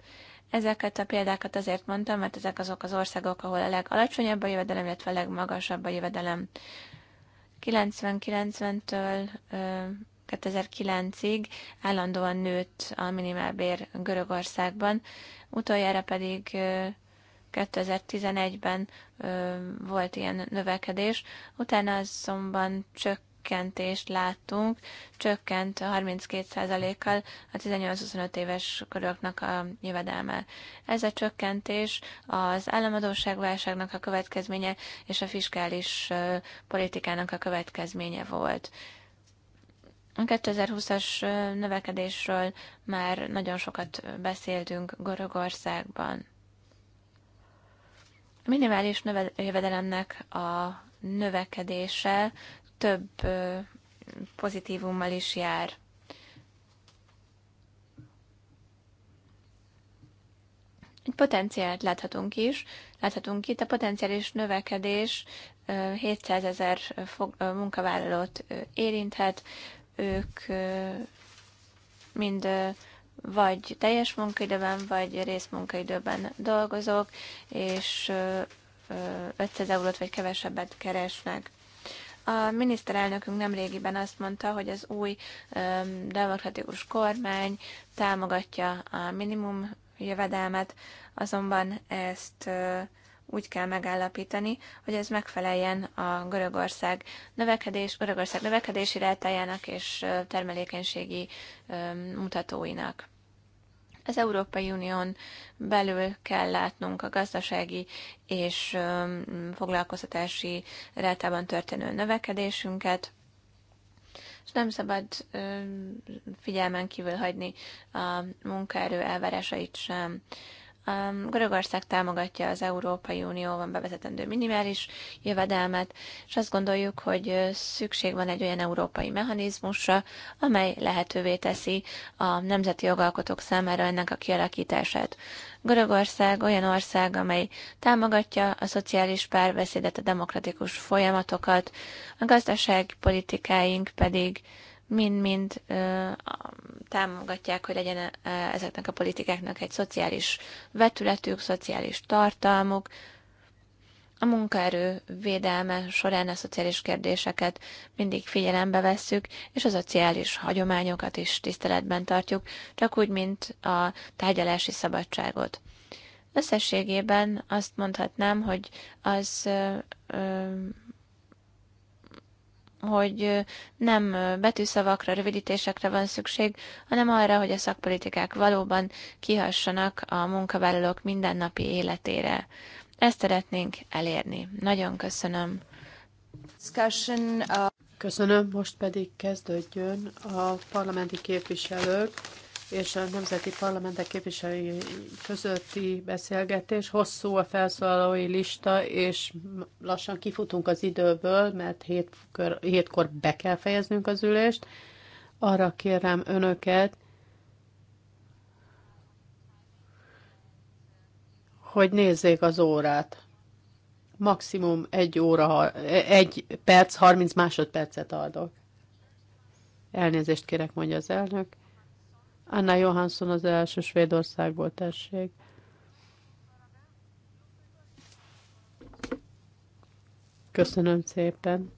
Ezeket a példákat azért mondtam, mert ezek azok az országok, ahol a legalacsonyabb a jövedelem, illetve a legmagasabb a jövedelem. 90-90-től 2009-ig állandóan nőtt a minimálbér Görögországban, utoljára pedig 2011-ben volt ilyen növekedés, utána azonban csak csökkentést láttunk, csökkent 32%-kal a 18-25 éves koroknak a jövedelme. Ez a csökkentés az államadóságválságnak a következménye és a fiskális politikának a következménye volt. A 2020-as növekedésről már nagyon sokat beszéltünk Görögországban. A minimális jövedelemnek a növekedése több pozitívummal is jár. Egy potenciált láthatunk is, láthatunk itt a potenciális növekedés 700 ezer munkavállalót érinthet, ők mind vagy teljes munkaidőben, vagy részmunkaidőben dolgozók, és 500 eurót vagy kevesebbet keresnek. A miniszterelnökünk nemrégiben azt mondta, hogy az új demokratikus kormány támogatja a minimum jövedelmet, azonban ezt úgy kell megállapítani, hogy ez megfeleljen a Görögország növekedés, Görögország növekedési rátájának és termelékenységi mutatóinak. Az Európai Unión belül kell látnunk a gazdasági és foglalkoztatási rátában történő növekedésünket, és nem szabad figyelmen kívül hagyni a munkaerő elvárásait sem. Görögország támogatja az Európai Unióban bevezetendő minimális jövedelmet, és azt gondoljuk, hogy szükség van egy olyan európai mechanizmusra, amely lehetővé teszi a nemzeti jogalkotók számára ennek a kialakítását. Görögország olyan ország, amely támogatja a szociális párbeszédet, a demokratikus folyamatokat, a gazdaságpolitikáink pedig mind-mind támogatják, hogy legyen ezeknek a politikáknak egy szociális vetületük, szociális tartalmuk. A munkaerő védelme során a szociális kérdéseket mindig figyelembe vesszük, és a szociális hagyományokat is tiszteletben tartjuk, csak úgy, mint a tárgyalási szabadságot. Összességében azt mondhatnám, hogy az hogy nem betűszavakra, rövidítésekre van szükség, hanem arra, hogy a szakpolitikák valóban kihassanak a munkavállalók mindennapi életére. Ezt szeretnénk elérni. Nagyon köszönöm. Uh, köszönöm, most pedig kezdődjön a parlamenti képviselők és a nemzeti parlamentek képviselői közötti beszélgetés. Hosszú a felszólalói lista, és lassan kifutunk az időből, mert hétkor, hétkor be kell fejeznünk az ülést. Arra kérem önöket, hogy nézzék az órát. Maximum egy óra, egy perc, 30 másodpercet adok. Elnézést kérek, mondja az elnök. Anna Johansson az első Svédországból, tessék. Köszönöm szépen.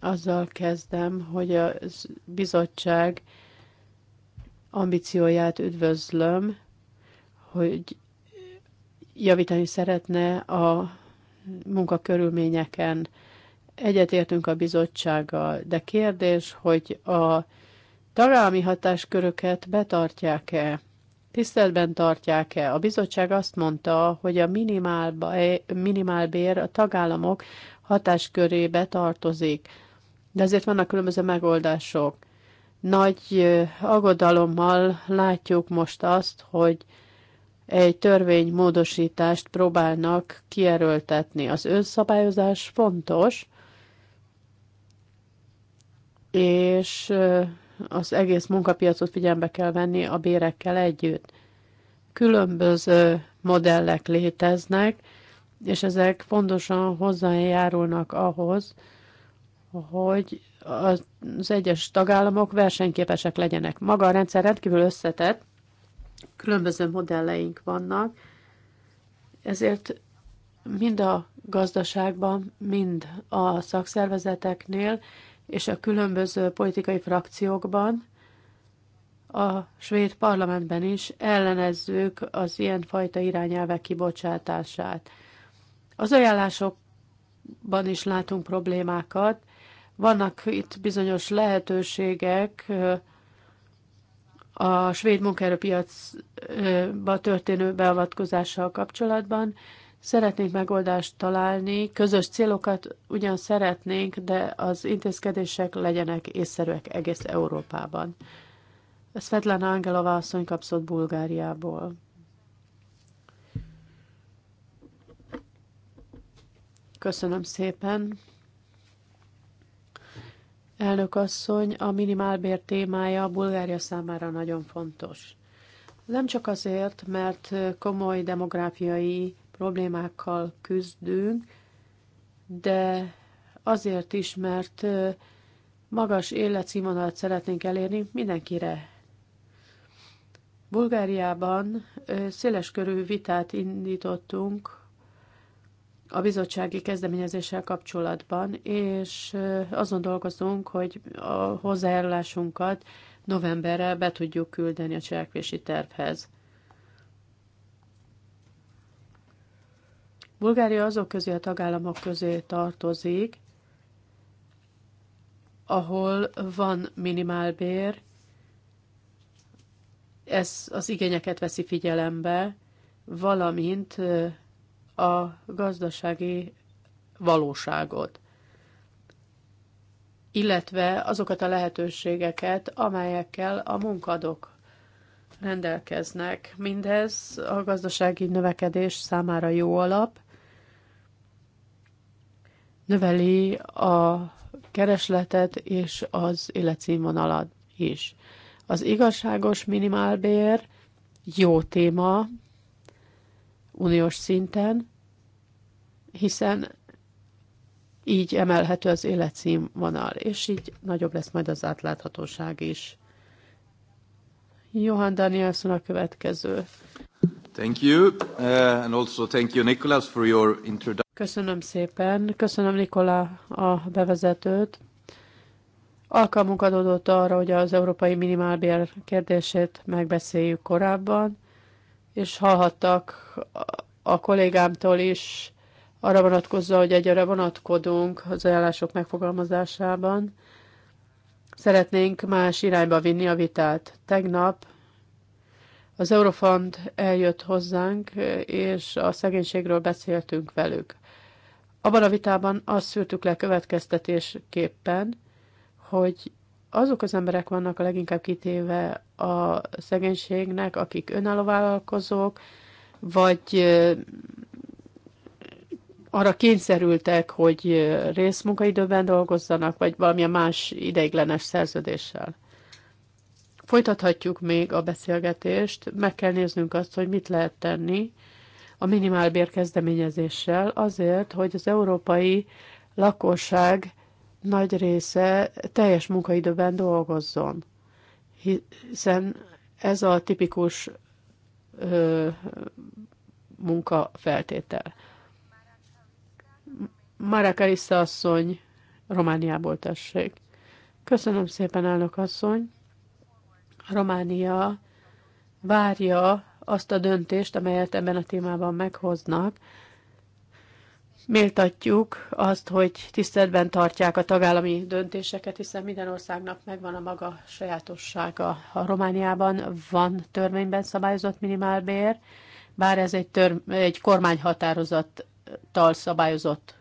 Azzal kezdem, hogy a bizottság ambícióját üdvözlöm, hogy javítani szeretne a munkakörülményeken. Egyetértünk a bizottsággal, de kérdés, hogy a tagállami hatásköröket betartják-e? Tiszteletben tartják-e? A bizottság azt mondta, hogy a eh, minimálbér a tagállamok hatáskörébe tartozik, de azért vannak különböző megoldások. Nagy eh, aggodalommal látjuk most azt, hogy egy törvénymódosítást próbálnak kierőltetni. Az önszabályozás fontos, és eh, az egész munkapiacot figyelembe kell venni a bérekkel együtt. Különböző modellek léteznek, és ezek fontosan hozzájárulnak ahhoz, hogy az egyes tagállamok versenyképesek legyenek. Maga a rendszer rendkívül összetett, különböző modelleink vannak, ezért mind a gazdaságban, mind a szakszervezeteknél és a különböző politikai frakciókban, a svéd parlamentben is ellenezzük az ilyenfajta irányelvek kibocsátását. Az ajánlásokban is látunk problémákat. Vannak itt bizonyos lehetőségek a svéd munkaerőpiacba történő beavatkozással kapcsolatban, Szeretnénk megoldást találni, közös célokat ugyan szeretnénk, de az intézkedések legyenek észszerűek egész Európában. Svetlana Angelova asszony kapszott Bulgáriából. Köszönöm szépen. Elnök asszony, a minimálbér témája a Bulgária számára nagyon fontos. Nem csak azért, mert komoly demográfiai problémákkal küzdünk, de azért is, mert magas életszínvonalat szeretnénk elérni mindenkire. Bulgáriában széleskörű vitát indítottunk a bizottsági kezdeményezéssel kapcsolatban, és azon dolgozunk, hogy a hozzájárulásunkat novemberre be tudjuk küldeni a cselekvési tervhez. Bulgária azok közé a tagállamok közé tartozik, ahol van minimálbér, ez az igényeket veszi figyelembe, valamint a gazdasági valóságot, illetve azokat a lehetőségeket, amelyekkel a munkadok rendelkeznek. Mindez a gazdasági növekedés számára jó alap, növeli a keresletet és az életszínvonalat is. Az igazságos minimálbér jó téma uniós szinten, hiszen így emelhető az életszínvonal, és így nagyobb lesz majd az átláthatóság is. Johan Danielson a következő. Thank you, uh, and also thank you, Nicholas, for your introduction. Köszönöm szépen. Köszönöm Nikola a bevezetőt. Alkalmunk adódott arra, hogy az európai minimálbér kérdését megbeszéljük korábban, és hallhattak a kollégámtól is arra vonatkozva, hogy egyre vonatkodunk az ajánlások megfogalmazásában. Szeretnénk más irányba vinni a vitát. Tegnap az Eurofond eljött hozzánk, és a szegénységről beszéltünk velük. Abban a vitában azt szűrtük le következtetésképpen, hogy azok az emberek vannak a leginkább kitéve a szegénységnek, akik önálló vállalkozók, vagy arra kényszerültek, hogy részmunkaidőben dolgozzanak, vagy valamilyen más ideiglenes szerződéssel. Folytathatjuk még a beszélgetést, meg kell néznünk azt, hogy mit lehet tenni a minimálbér kezdeményezéssel azért, hogy az európai lakosság nagy része teljes munkaidőben dolgozzon. Hiszen ez a tipikus ö, munkafeltétel. Mara Karissa asszony, Romániából tessék. Köszönöm szépen, elnök asszony. Románia várja azt a döntést, amelyet ebben a témában meghoznak. Méltatjuk azt, hogy tiszteletben tartják a tagállami döntéseket, hiszen minden országnak megvan a maga sajátossága. A Romániában van törvényben szabályozott minimálbér, bár ez egy, tör, egy kormányhatározattal szabályozott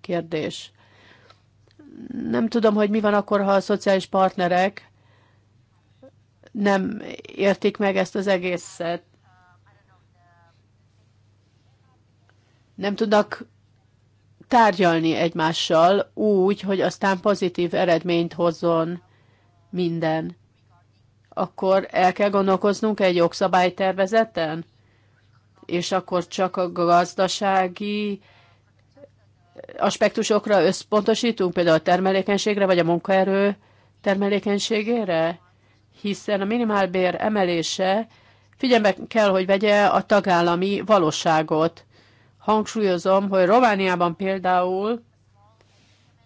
kérdés. Nem tudom, hogy mi van akkor, ha a szociális partnerek nem értik meg ezt az egészet. Nem tudnak tárgyalni egymással úgy, hogy aztán pozitív eredményt hozzon minden. Akkor el kell gondolkoznunk egy jogszabálytervezeten, és akkor csak a gazdasági aspektusokra összpontosítunk, például a termelékenységre, vagy a munkaerő termelékenységére? hiszen a minimálbér emelése figyelme kell, hogy vegye a tagállami valóságot. Hangsúlyozom, hogy Romániában például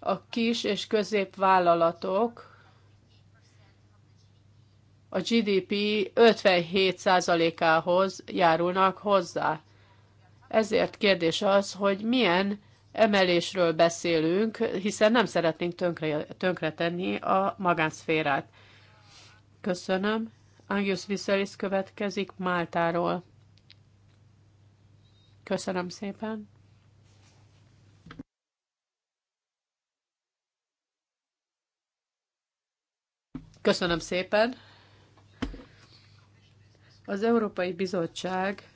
a kis és középvállalatok a GDP 57%-ához járulnak hozzá. Ezért kérdés az, hogy milyen emelésről beszélünk, hiszen nem szeretnénk tönkre, tönkretenni a magánszférát. Köszönöm. Angus Viserys következik Máltáról. Köszönöm szépen. Köszönöm szépen. Az Európai Bizottság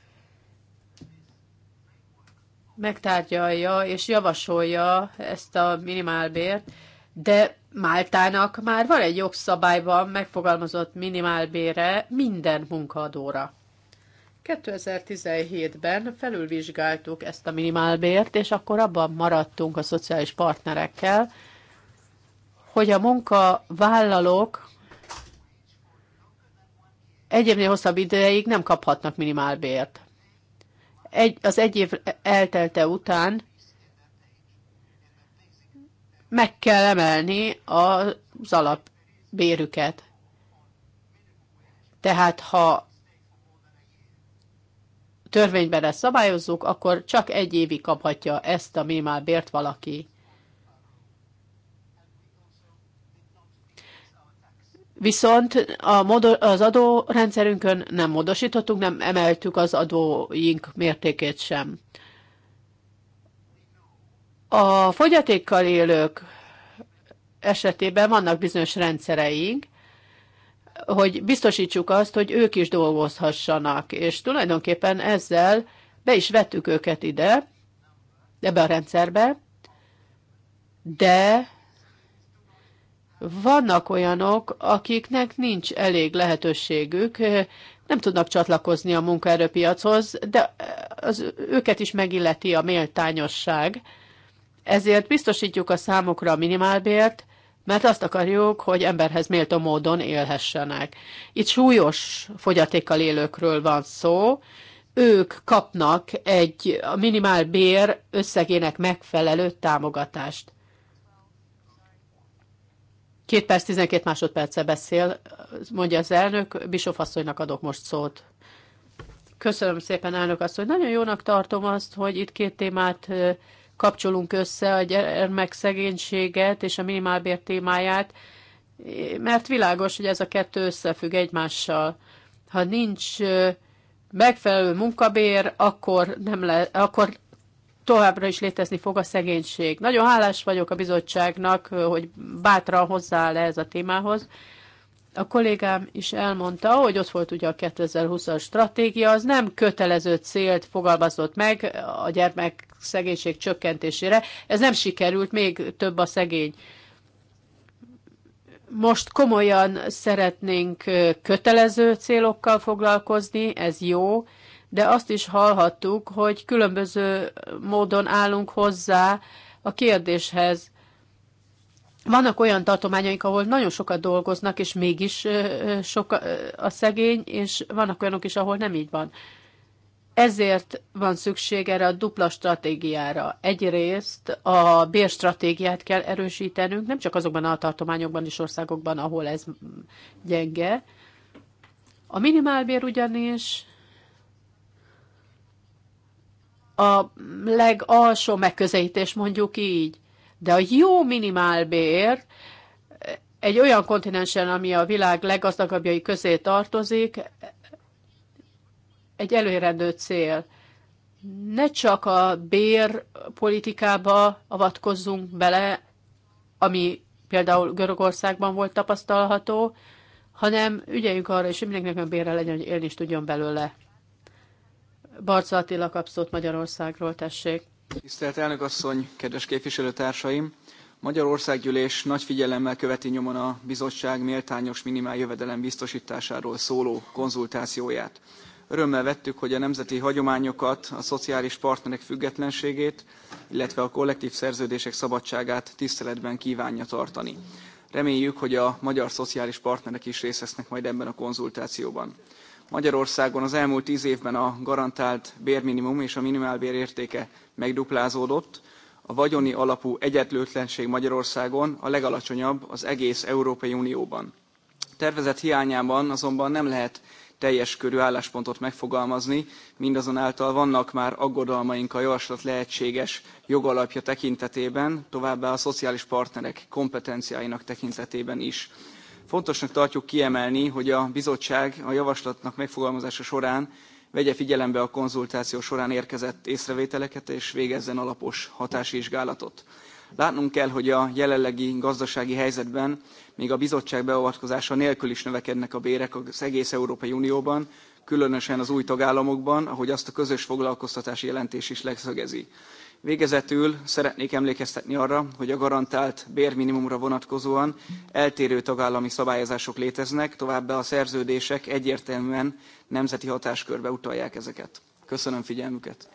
megtárgyalja és javasolja ezt a minimálbért, de Máltának már van egy jogszabályban megfogalmazott minimálbére minden munkaadóra. 2017-ben felülvizsgáltuk ezt a minimálbért, és akkor abban maradtunk a szociális partnerekkel, hogy a munkavállalók egyébként hosszabb ideig nem kaphatnak minimálbért. Egy, az egy év eltelte után meg kell emelni az alapbérüket. Tehát ha törvényben ezt szabályozzuk, akkor csak egy évi kaphatja ezt a bért valaki. Viszont a modo- az adórendszerünkön nem módosítottuk, nem emeltük az adóink mértékét sem. A fogyatékkal élők esetében vannak bizonyos rendszereink, hogy biztosítsuk azt, hogy ők is dolgozhassanak, és tulajdonképpen ezzel be is vettük őket ide, ebbe a rendszerbe, de vannak olyanok, akiknek nincs elég lehetőségük, nem tudnak csatlakozni a munkaerőpiachoz, de az őket is megilleti a méltányosság, ezért biztosítjuk a számokra a minimálbért, mert azt akarjuk, hogy emberhez méltó módon élhessenek. Itt súlyos fogyatékkal élőkről van szó, ők kapnak egy a minimál bér összegének megfelelő támogatást. Két perc, tizenkét másodperce beszél, mondja az elnök, Bisof asszonynak adok most szót. Köszönöm szépen, elnök asszony. Nagyon jónak tartom azt, hogy itt két témát kapcsolunk össze a gyermek szegénységet és a minimálbér témáját, mert világos, hogy ez a kettő összefügg egymással. Ha nincs megfelelő munkabér, akkor, nem le, akkor továbbra is létezni fog a szegénység. Nagyon hálás vagyok a bizottságnak, hogy bátran hozzááll ez a témához, a kollégám is elmondta, hogy ott volt ugye a 2020-as stratégia, az nem kötelező célt fogalmazott meg a gyermek szegénység csökkentésére. Ez nem sikerült, még több a szegény. Most komolyan szeretnénk kötelező célokkal foglalkozni, ez jó, de azt is hallhattuk, hogy különböző módon állunk hozzá a kérdéshez vannak olyan tartományaink, ahol nagyon sokat dolgoznak, és mégis sok a szegény, és vannak olyanok is, ahol nem így van. Ezért van szükség erre a dupla stratégiára. Egyrészt a bérstratégiát kell erősítenünk, nem csak azokban a tartományokban és országokban, ahol ez gyenge. A minimálbér ugyanis a legalsó megközelítés, mondjuk így de a jó minimálbér egy olyan kontinensen, ami a világ leggazdagabbjai közé tartozik, egy előrendő cél. Ne csak a bérpolitikába avatkozzunk bele, ami például Görögországban volt tapasztalható, hanem ügyeljünk arra, és mindenkinek olyan bérre legyen, hogy élni is tudjon belőle. Barca Attila kapszót Magyarországról, tessék. Tisztelt elnök asszony, kedves képviselőtársaim! Magyarországgyűlés nagy figyelemmel követi nyomon a bizottság méltányos minimál jövedelem biztosításáról szóló konzultációját. Örömmel vettük, hogy a nemzeti hagyományokat, a szociális partnerek függetlenségét, illetve a kollektív szerződések szabadságát tiszteletben kívánja tartani. Reméljük, hogy a magyar szociális partnerek is részt vesznek majd ebben a konzultációban. Magyarországon az elmúlt tíz évben a garantált bérminimum és a minimálbér értéke megduplázódott, a vagyoni alapú egyenlőtlenség Magyarországon a legalacsonyabb az egész Európai Unióban. Tervezett hiányában azonban nem lehet teljes körű álláspontot megfogalmazni, mindazonáltal vannak már aggodalmaink a javaslat lehetséges jogalapja tekintetében, továbbá a szociális partnerek kompetenciáinak tekintetében is. Fontosnak tartjuk kiemelni, hogy a bizottság a javaslatnak megfogalmazása során vegye figyelembe a konzultáció során érkezett észrevételeket, és végezzen alapos hatásvizsgálatot. Látnunk kell, hogy a jelenlegi gazdasági helyzetben még a bizottság beavatkozása nélkül is növekednek a bérek az egész Európai Unióban, különösen az új tagállamokban, ahogy azt a közös foglalkoztatási jelentés is leszögezi. Végezetül szeretnék emlékeztetni arra, hogy a garantált bérminimumra vonatkozóan eltérő tagállami szabályozások léteznek, továbbá a szerződések egyértelműen nemzeti hatáskörbe utalják ezeket. Köszönöm figyelmüket!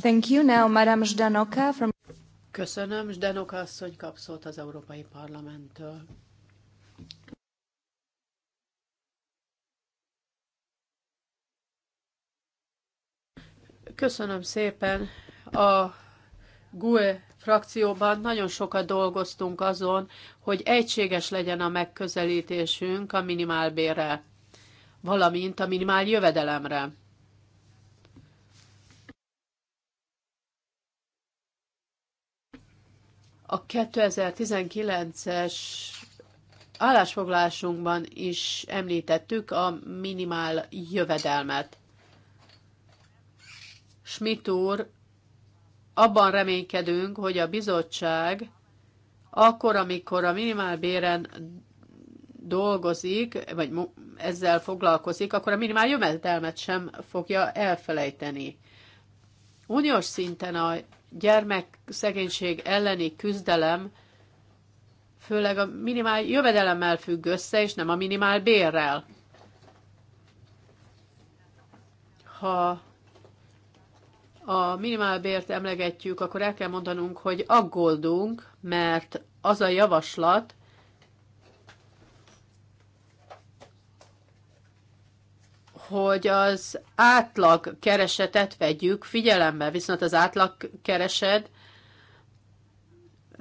Thank you. Now, from... Köszönöm, Zdanoka asszony kap az Európai Parlamenttől. Köszönöm szépen. A GUE frakcióban nagyon sokat dolgoztunk azon, hogy egységes legyen a megközelítésünk a minimálbérre, valamint a minimál jövedelemre. A 2019-es állásfoglásunkban is említettük a minimál jövedelmet. Schmidt úr, abban reménykedünk, hogy a bizottság akkor, amikor a minimálbéren dolgozik, vagy ezzel foglalkozik, akkor a minimál jövedelmet sem fogja elfelejteni. Uniós szinten a gyermekszegénység elleni küzdelem főleg a minimál jövedelemmel függ össze, és nem a minimál bérrel. Ha a minimálbért emlegetjük, akkor el kell mondanunk, hogy aggódunk, mert az a javaslat, hogy az átlag keresetet vegyük figyelembe, viszont az átlag keresed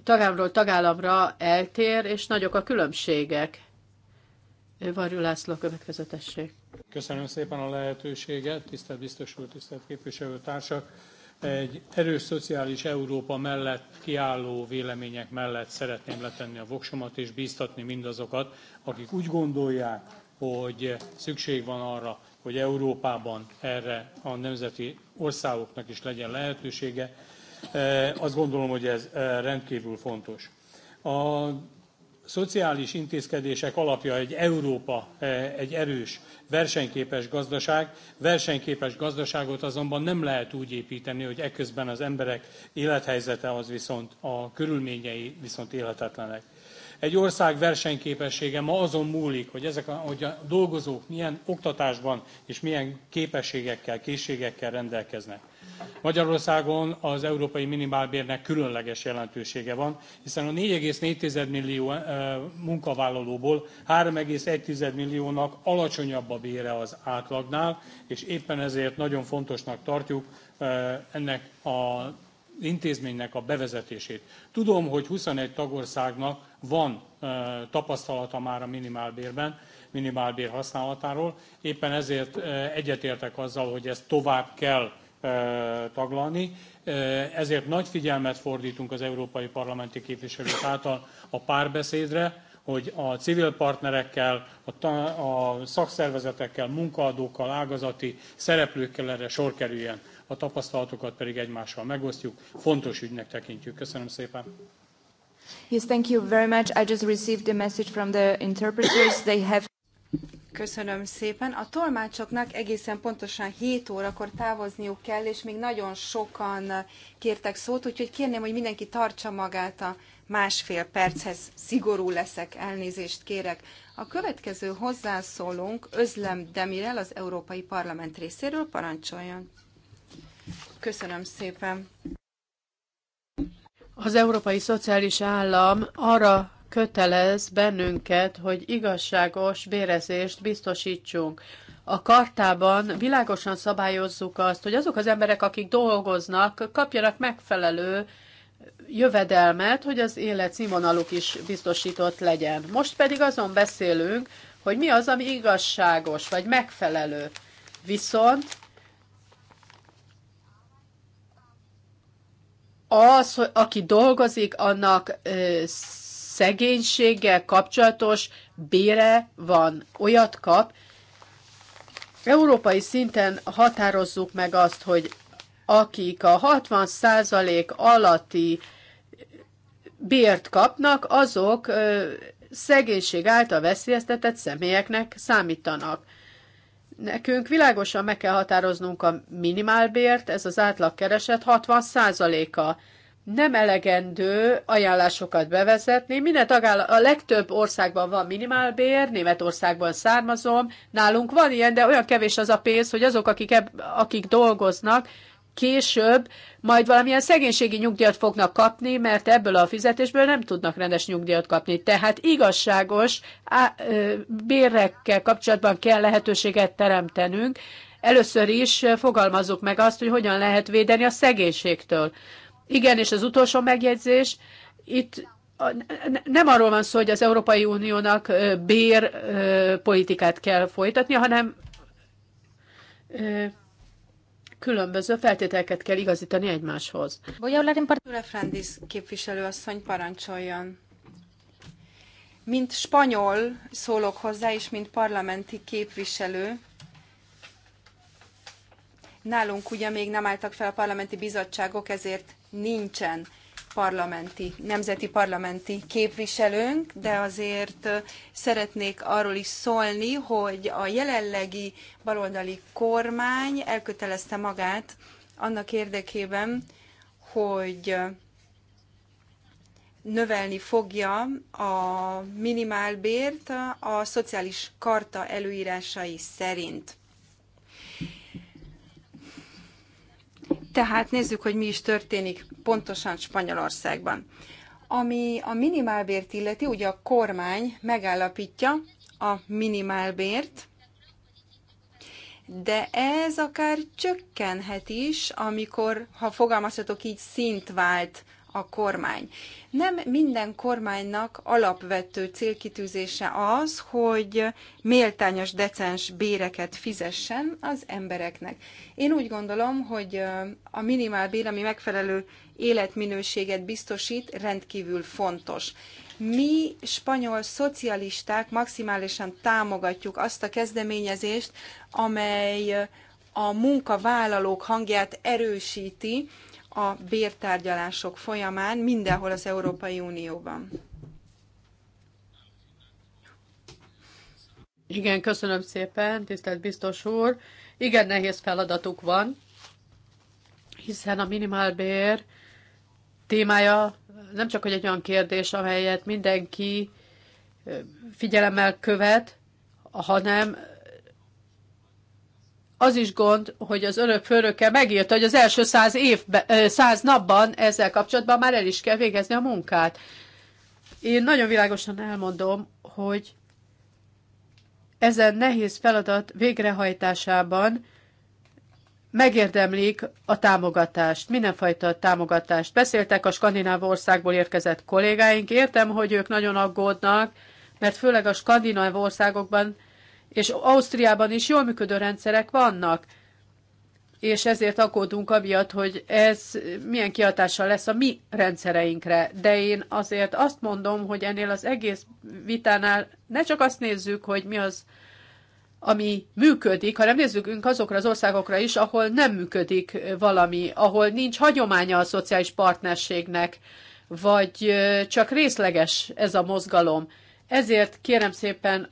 tagállamról tagállamra eltér, és nagyok a különbségek. Varjú László következetesség. Köszönöm szépen a lehetőséget, tisztelt biztos úr, tisztelt képviselőtársak. Egy erős szociális Európa mellett kiálló vélemények mellett szeretném letenni a voksomat és bíztatni mindazokat, akik úgy gondolják, hogy szükség van arra, hogy Európában erre a nemzeti országoknak is legyen lehetősége. Azt gondolom, hogy ez eh, rendkívül fontos. A szociális intézkedések alapja egy Európa, eh, egy erős, versenyképes gazdaság. Versenyképes gazdaságot azonban nem lehet úgy építeni, hogy eközben az emberek élethelyzete az viszont, a körülményei viszont életetlenek. Egy ország versenyképessége ma azon múlik, hogy ezek a, hogy a dolgozók milyen oktatásban és milyen képességekkel, készségekkel rendelkeznek. Magyarországon az európai minimálbérnek különleges jelentősége van, hiszen a 4,4 millió eh, munkavállalóból 3,1 milliónak alacsonyabb a bére az átlagnál, és éppen ezért nagyon fontosnak tartjuk eh, ennek a intézménynek a bevezetését. Tudom, hogy 21 tagországnak van tapasztalata már a minimálbérben, minimálbér használatáról, éppen ezért egyetértek azzal, hogy ezt tovább kell taglalni. Ezért nagy figyelmet fordítunk az európai parlamenti képviselők által a párbeszédre, hogy a civil partnerekkel, a, a szakszervezetekkel, munkaadókkal, ágazati szereplőkkel erre sor kerüljen a tapasztalatokat pedig egymással megosztjuk. Fontos ügynek tekintjük. Köszönöm szépen. Yes, thank you very much. I just received a message from the interpreters. They have Köszönöm szépen. A tolmácsoknak egészen pontosan 7 órakor távozniuk kell, és még nagyon sokan kértek szót, úgyhogy kérném, hogy mindenki tartsa magát a másfél perchez. Szigorú leszek, elnézést kérek. A következő hozzászólónk Özlem Demirel az Európai Parlament részéről parancsoljon. Köszönöm szépen. Az Európai Szociális Állam arra kötelez bennünket, hogy igazságos bérezést biztosítsunk. A kartában világosan szabályozzuk azt, hogy azok az emberek, akik dolgoznak, kapjanak megfelelő jövedelmet, hogy az élet színvonaluk is biztosított legyen. Most pedig azon beszélünk, hogy mi az, ami igazságos vagy megfelelő. Viszont az, hogy aki dolgozik, annak szegénységgel kapcsolatos bére van, olyat kap. Európai szinten határozzuk meg azt, hogy akik a 60% alatti bért kapnak, azok szegénység által veszélyeztetett személyeknek számítanak. Nekünk világosan meg kell határoznunk a minimálbért, ez az átlagkereset 60%-a. Nem elegendő ajánlásokat bevezetni. Minden tagáll- a legtöbb országban van minimálbér, Németországban származom, nálunk van ilyen, de olyan kevés az a pénz, hogy azok, akik, eb, akik dolgoznak, később majd valamilyen szegénységi nyugdíjat fognak kapni, mert ebből a fizetésből nem tudnak rendes nyugdíjat kapni. Tehát igazságos á, ö, bérekkel kapcsolatban kell lehetőséget teremtenünk. Először is fogalmazzuk meg azt, hogy hogyan lehet védeni a szegénységtől. Igen, és az utolsó megjegyzés, itt nem arról van szó, hogy az Európai Uniónak bérpolitikát kell folytatni, hanem különböző feltételeket kell igazítani egymáshoz. Bolyaularin Partula Frandis képviselőasszony parancsoljon. Mint spanyol szólok hozzá, és mint parlamenti képviselő, nálunk ugye még nem álltak fel a parlamenti bizottságok, ezért nincsen parlamenti, nemzeti parlamenti képviselőnk, de azért szeretnék arról is szólni, hogy a jelenlegi baloldali kormány elkötelezte magát annak érdekében, hogy növelni fogja a minimálbért a szociális karta előírásai szerint. Tehát nézzük, hogy mi is történik pontosan Spanyolországban. Ami a minimálbért illeti, ugye a kormány megállapítja a minimálbért, de ez akár csökkenhet is, amikor, ha fogalmazhatok így, szint vált a kormány. Nem minden kormánynak alapvető célkitűzése az, hogy méltányos, decens béreket fizessen az embereknek. Én úgy gondolom, hogy a bér, ami megfelelő életminőséget biztosít, rendkívül fontos. Mi spanyol szocialisták maximálisan támogatjuk azt a kezdeményezést, amely a munkavállalók hangját erősíti, a bértárgyalások folyamán mindenhol az Európai Unióban. Igen, köszönöm szépen, tisztelt biztos úr. Igen, nehéz feladatuk van, hiszen a minimálbér témája nem csak hogy egy olyan kérdés, amelyet mindenki figyelemmel követ, hanem az is gond, hogy az örök főnöke megírta, hogy az első száz, évbe, száz napban ezzel kapcsolatban már el is kell végezni a munkát. Én nagyon világosan elmondom, hogy ezen nehéz feladat végrehajtásában megérdemlik a támogatást, mindenfajta támogatást. Beszéltek a skandináv országból érkezett kollégáink, értem, hogy ők nagyon aggódnak, mert főleg a skandináv országokban és Ausztriában is jól működő rendszerek vannak, és ezért aggódunk amiatt, hogy ez milyen kihatással lesz a mi rendszereinkre. De én azért azt mondom, hogy ennél az egész vitánál ne csak azt nézzük, hogy mi az, ami működik, hanem nézzük azokra az országokra is, ahol nem működik valami, ahol nincs hagyománya a szociális partnerségnek, vagy csak részleges ez a mozgalom. Ezért kérem szépen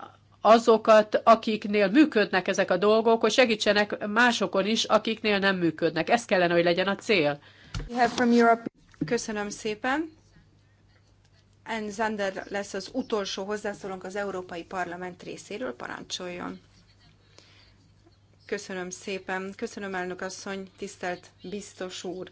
azokat, akiknél működnek ezek a dolgok, hogy segítsenek másokon is, akiknél nem működnek. Ez kellene, hogy legyen a cél. Köszönöm szépen. En Zander lesz az utolsó hozzászólónk az Európai Parlament részéről, parancsoljon. Köszönöm szépen, köszönöm elnök asszony, tisztelt biztos úr.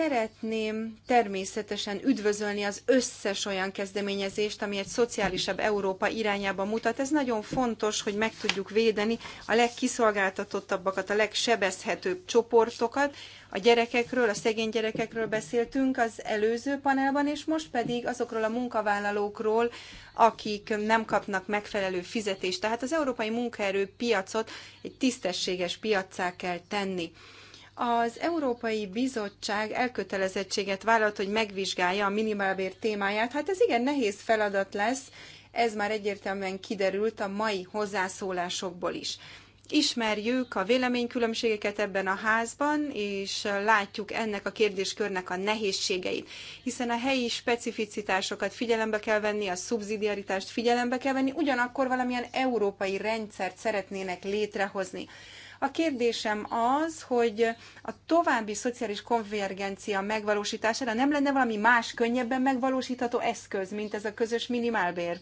Szeretném természetesen üdvözölni az összes olyan kezdeményezést, ami egy szociálisabb Európa irányába mutat. Ez nagyon fontos, hogy meg tudjuk védeni a legkiszolgáltatottabbakat, a legsebezhetőbb csoportokat. A gyerekekről, a szegény gyerekekről beszéltünk az előző panelban, és most pedig azokról a munkavállalókról, akik nem kapnak megfelelő fizetést. Tehát az európai munkaerőpiacot egy tisztességes piaccá kell tenni. Az Európai Bizottság elkötelezettséget vállalt, hogy megvizsgálja a minimálbér témáját. Hát ez igen nehéz feladat lesz, ez már egyértelműen kiderült a mai hozzászólásokból is. Ismerjük a véleménykülönbségeket ebben a házban, és látjuk ennek a kérdéskörnek a nehézségeit, hiszen a helyi specificitásokat figyelembe kell venni, a szubszidiaritást figyelembe kell venni, ugyanakkor valamilyen európai rendszert szeretnének létrehozni. A kérdésem az, hogy a további szociális konvergencia megvalósítására nem lenne valami más, könnyebben megvalósítható eszköz, mint ez a közös minimálbér?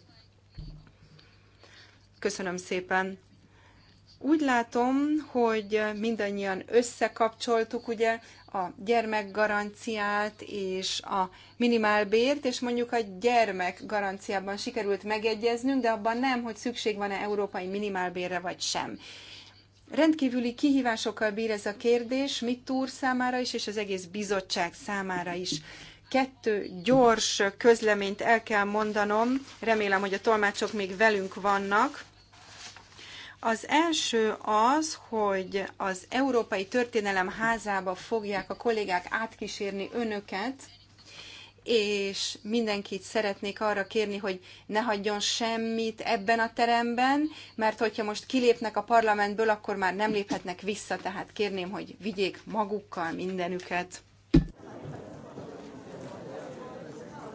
Köszönöm szépen. Úgy látom, hogy mindannyian összekapcsoltuk ugye a gyermekgaranciát és a minimálbért, és mondjuk a gyermekgaranciában sikerült megegyeznünk, de abban nem, hogy szükség van-e európai minimálbérre vagy sem. Rendkívüli kihívásokkal bír ez a kérdés, mit úr számára is, és az egész bizottság számára is. Kettő gyors közleményt el kell mondanom, remélem, hogy a tolmácsok még velünk vannak. Az első az, hogy az Európai Történelem házába fogják a kollégák átkísérni önöket, és mindenkit szeretnék arra kérni, hogy ne hagyjon semmit ebben a teremben, mert hogyha most kilépnek a parlamentből, akkor már nem léphetnek vissza, tehát kérném, hogy vigyék magukkal mindenüket.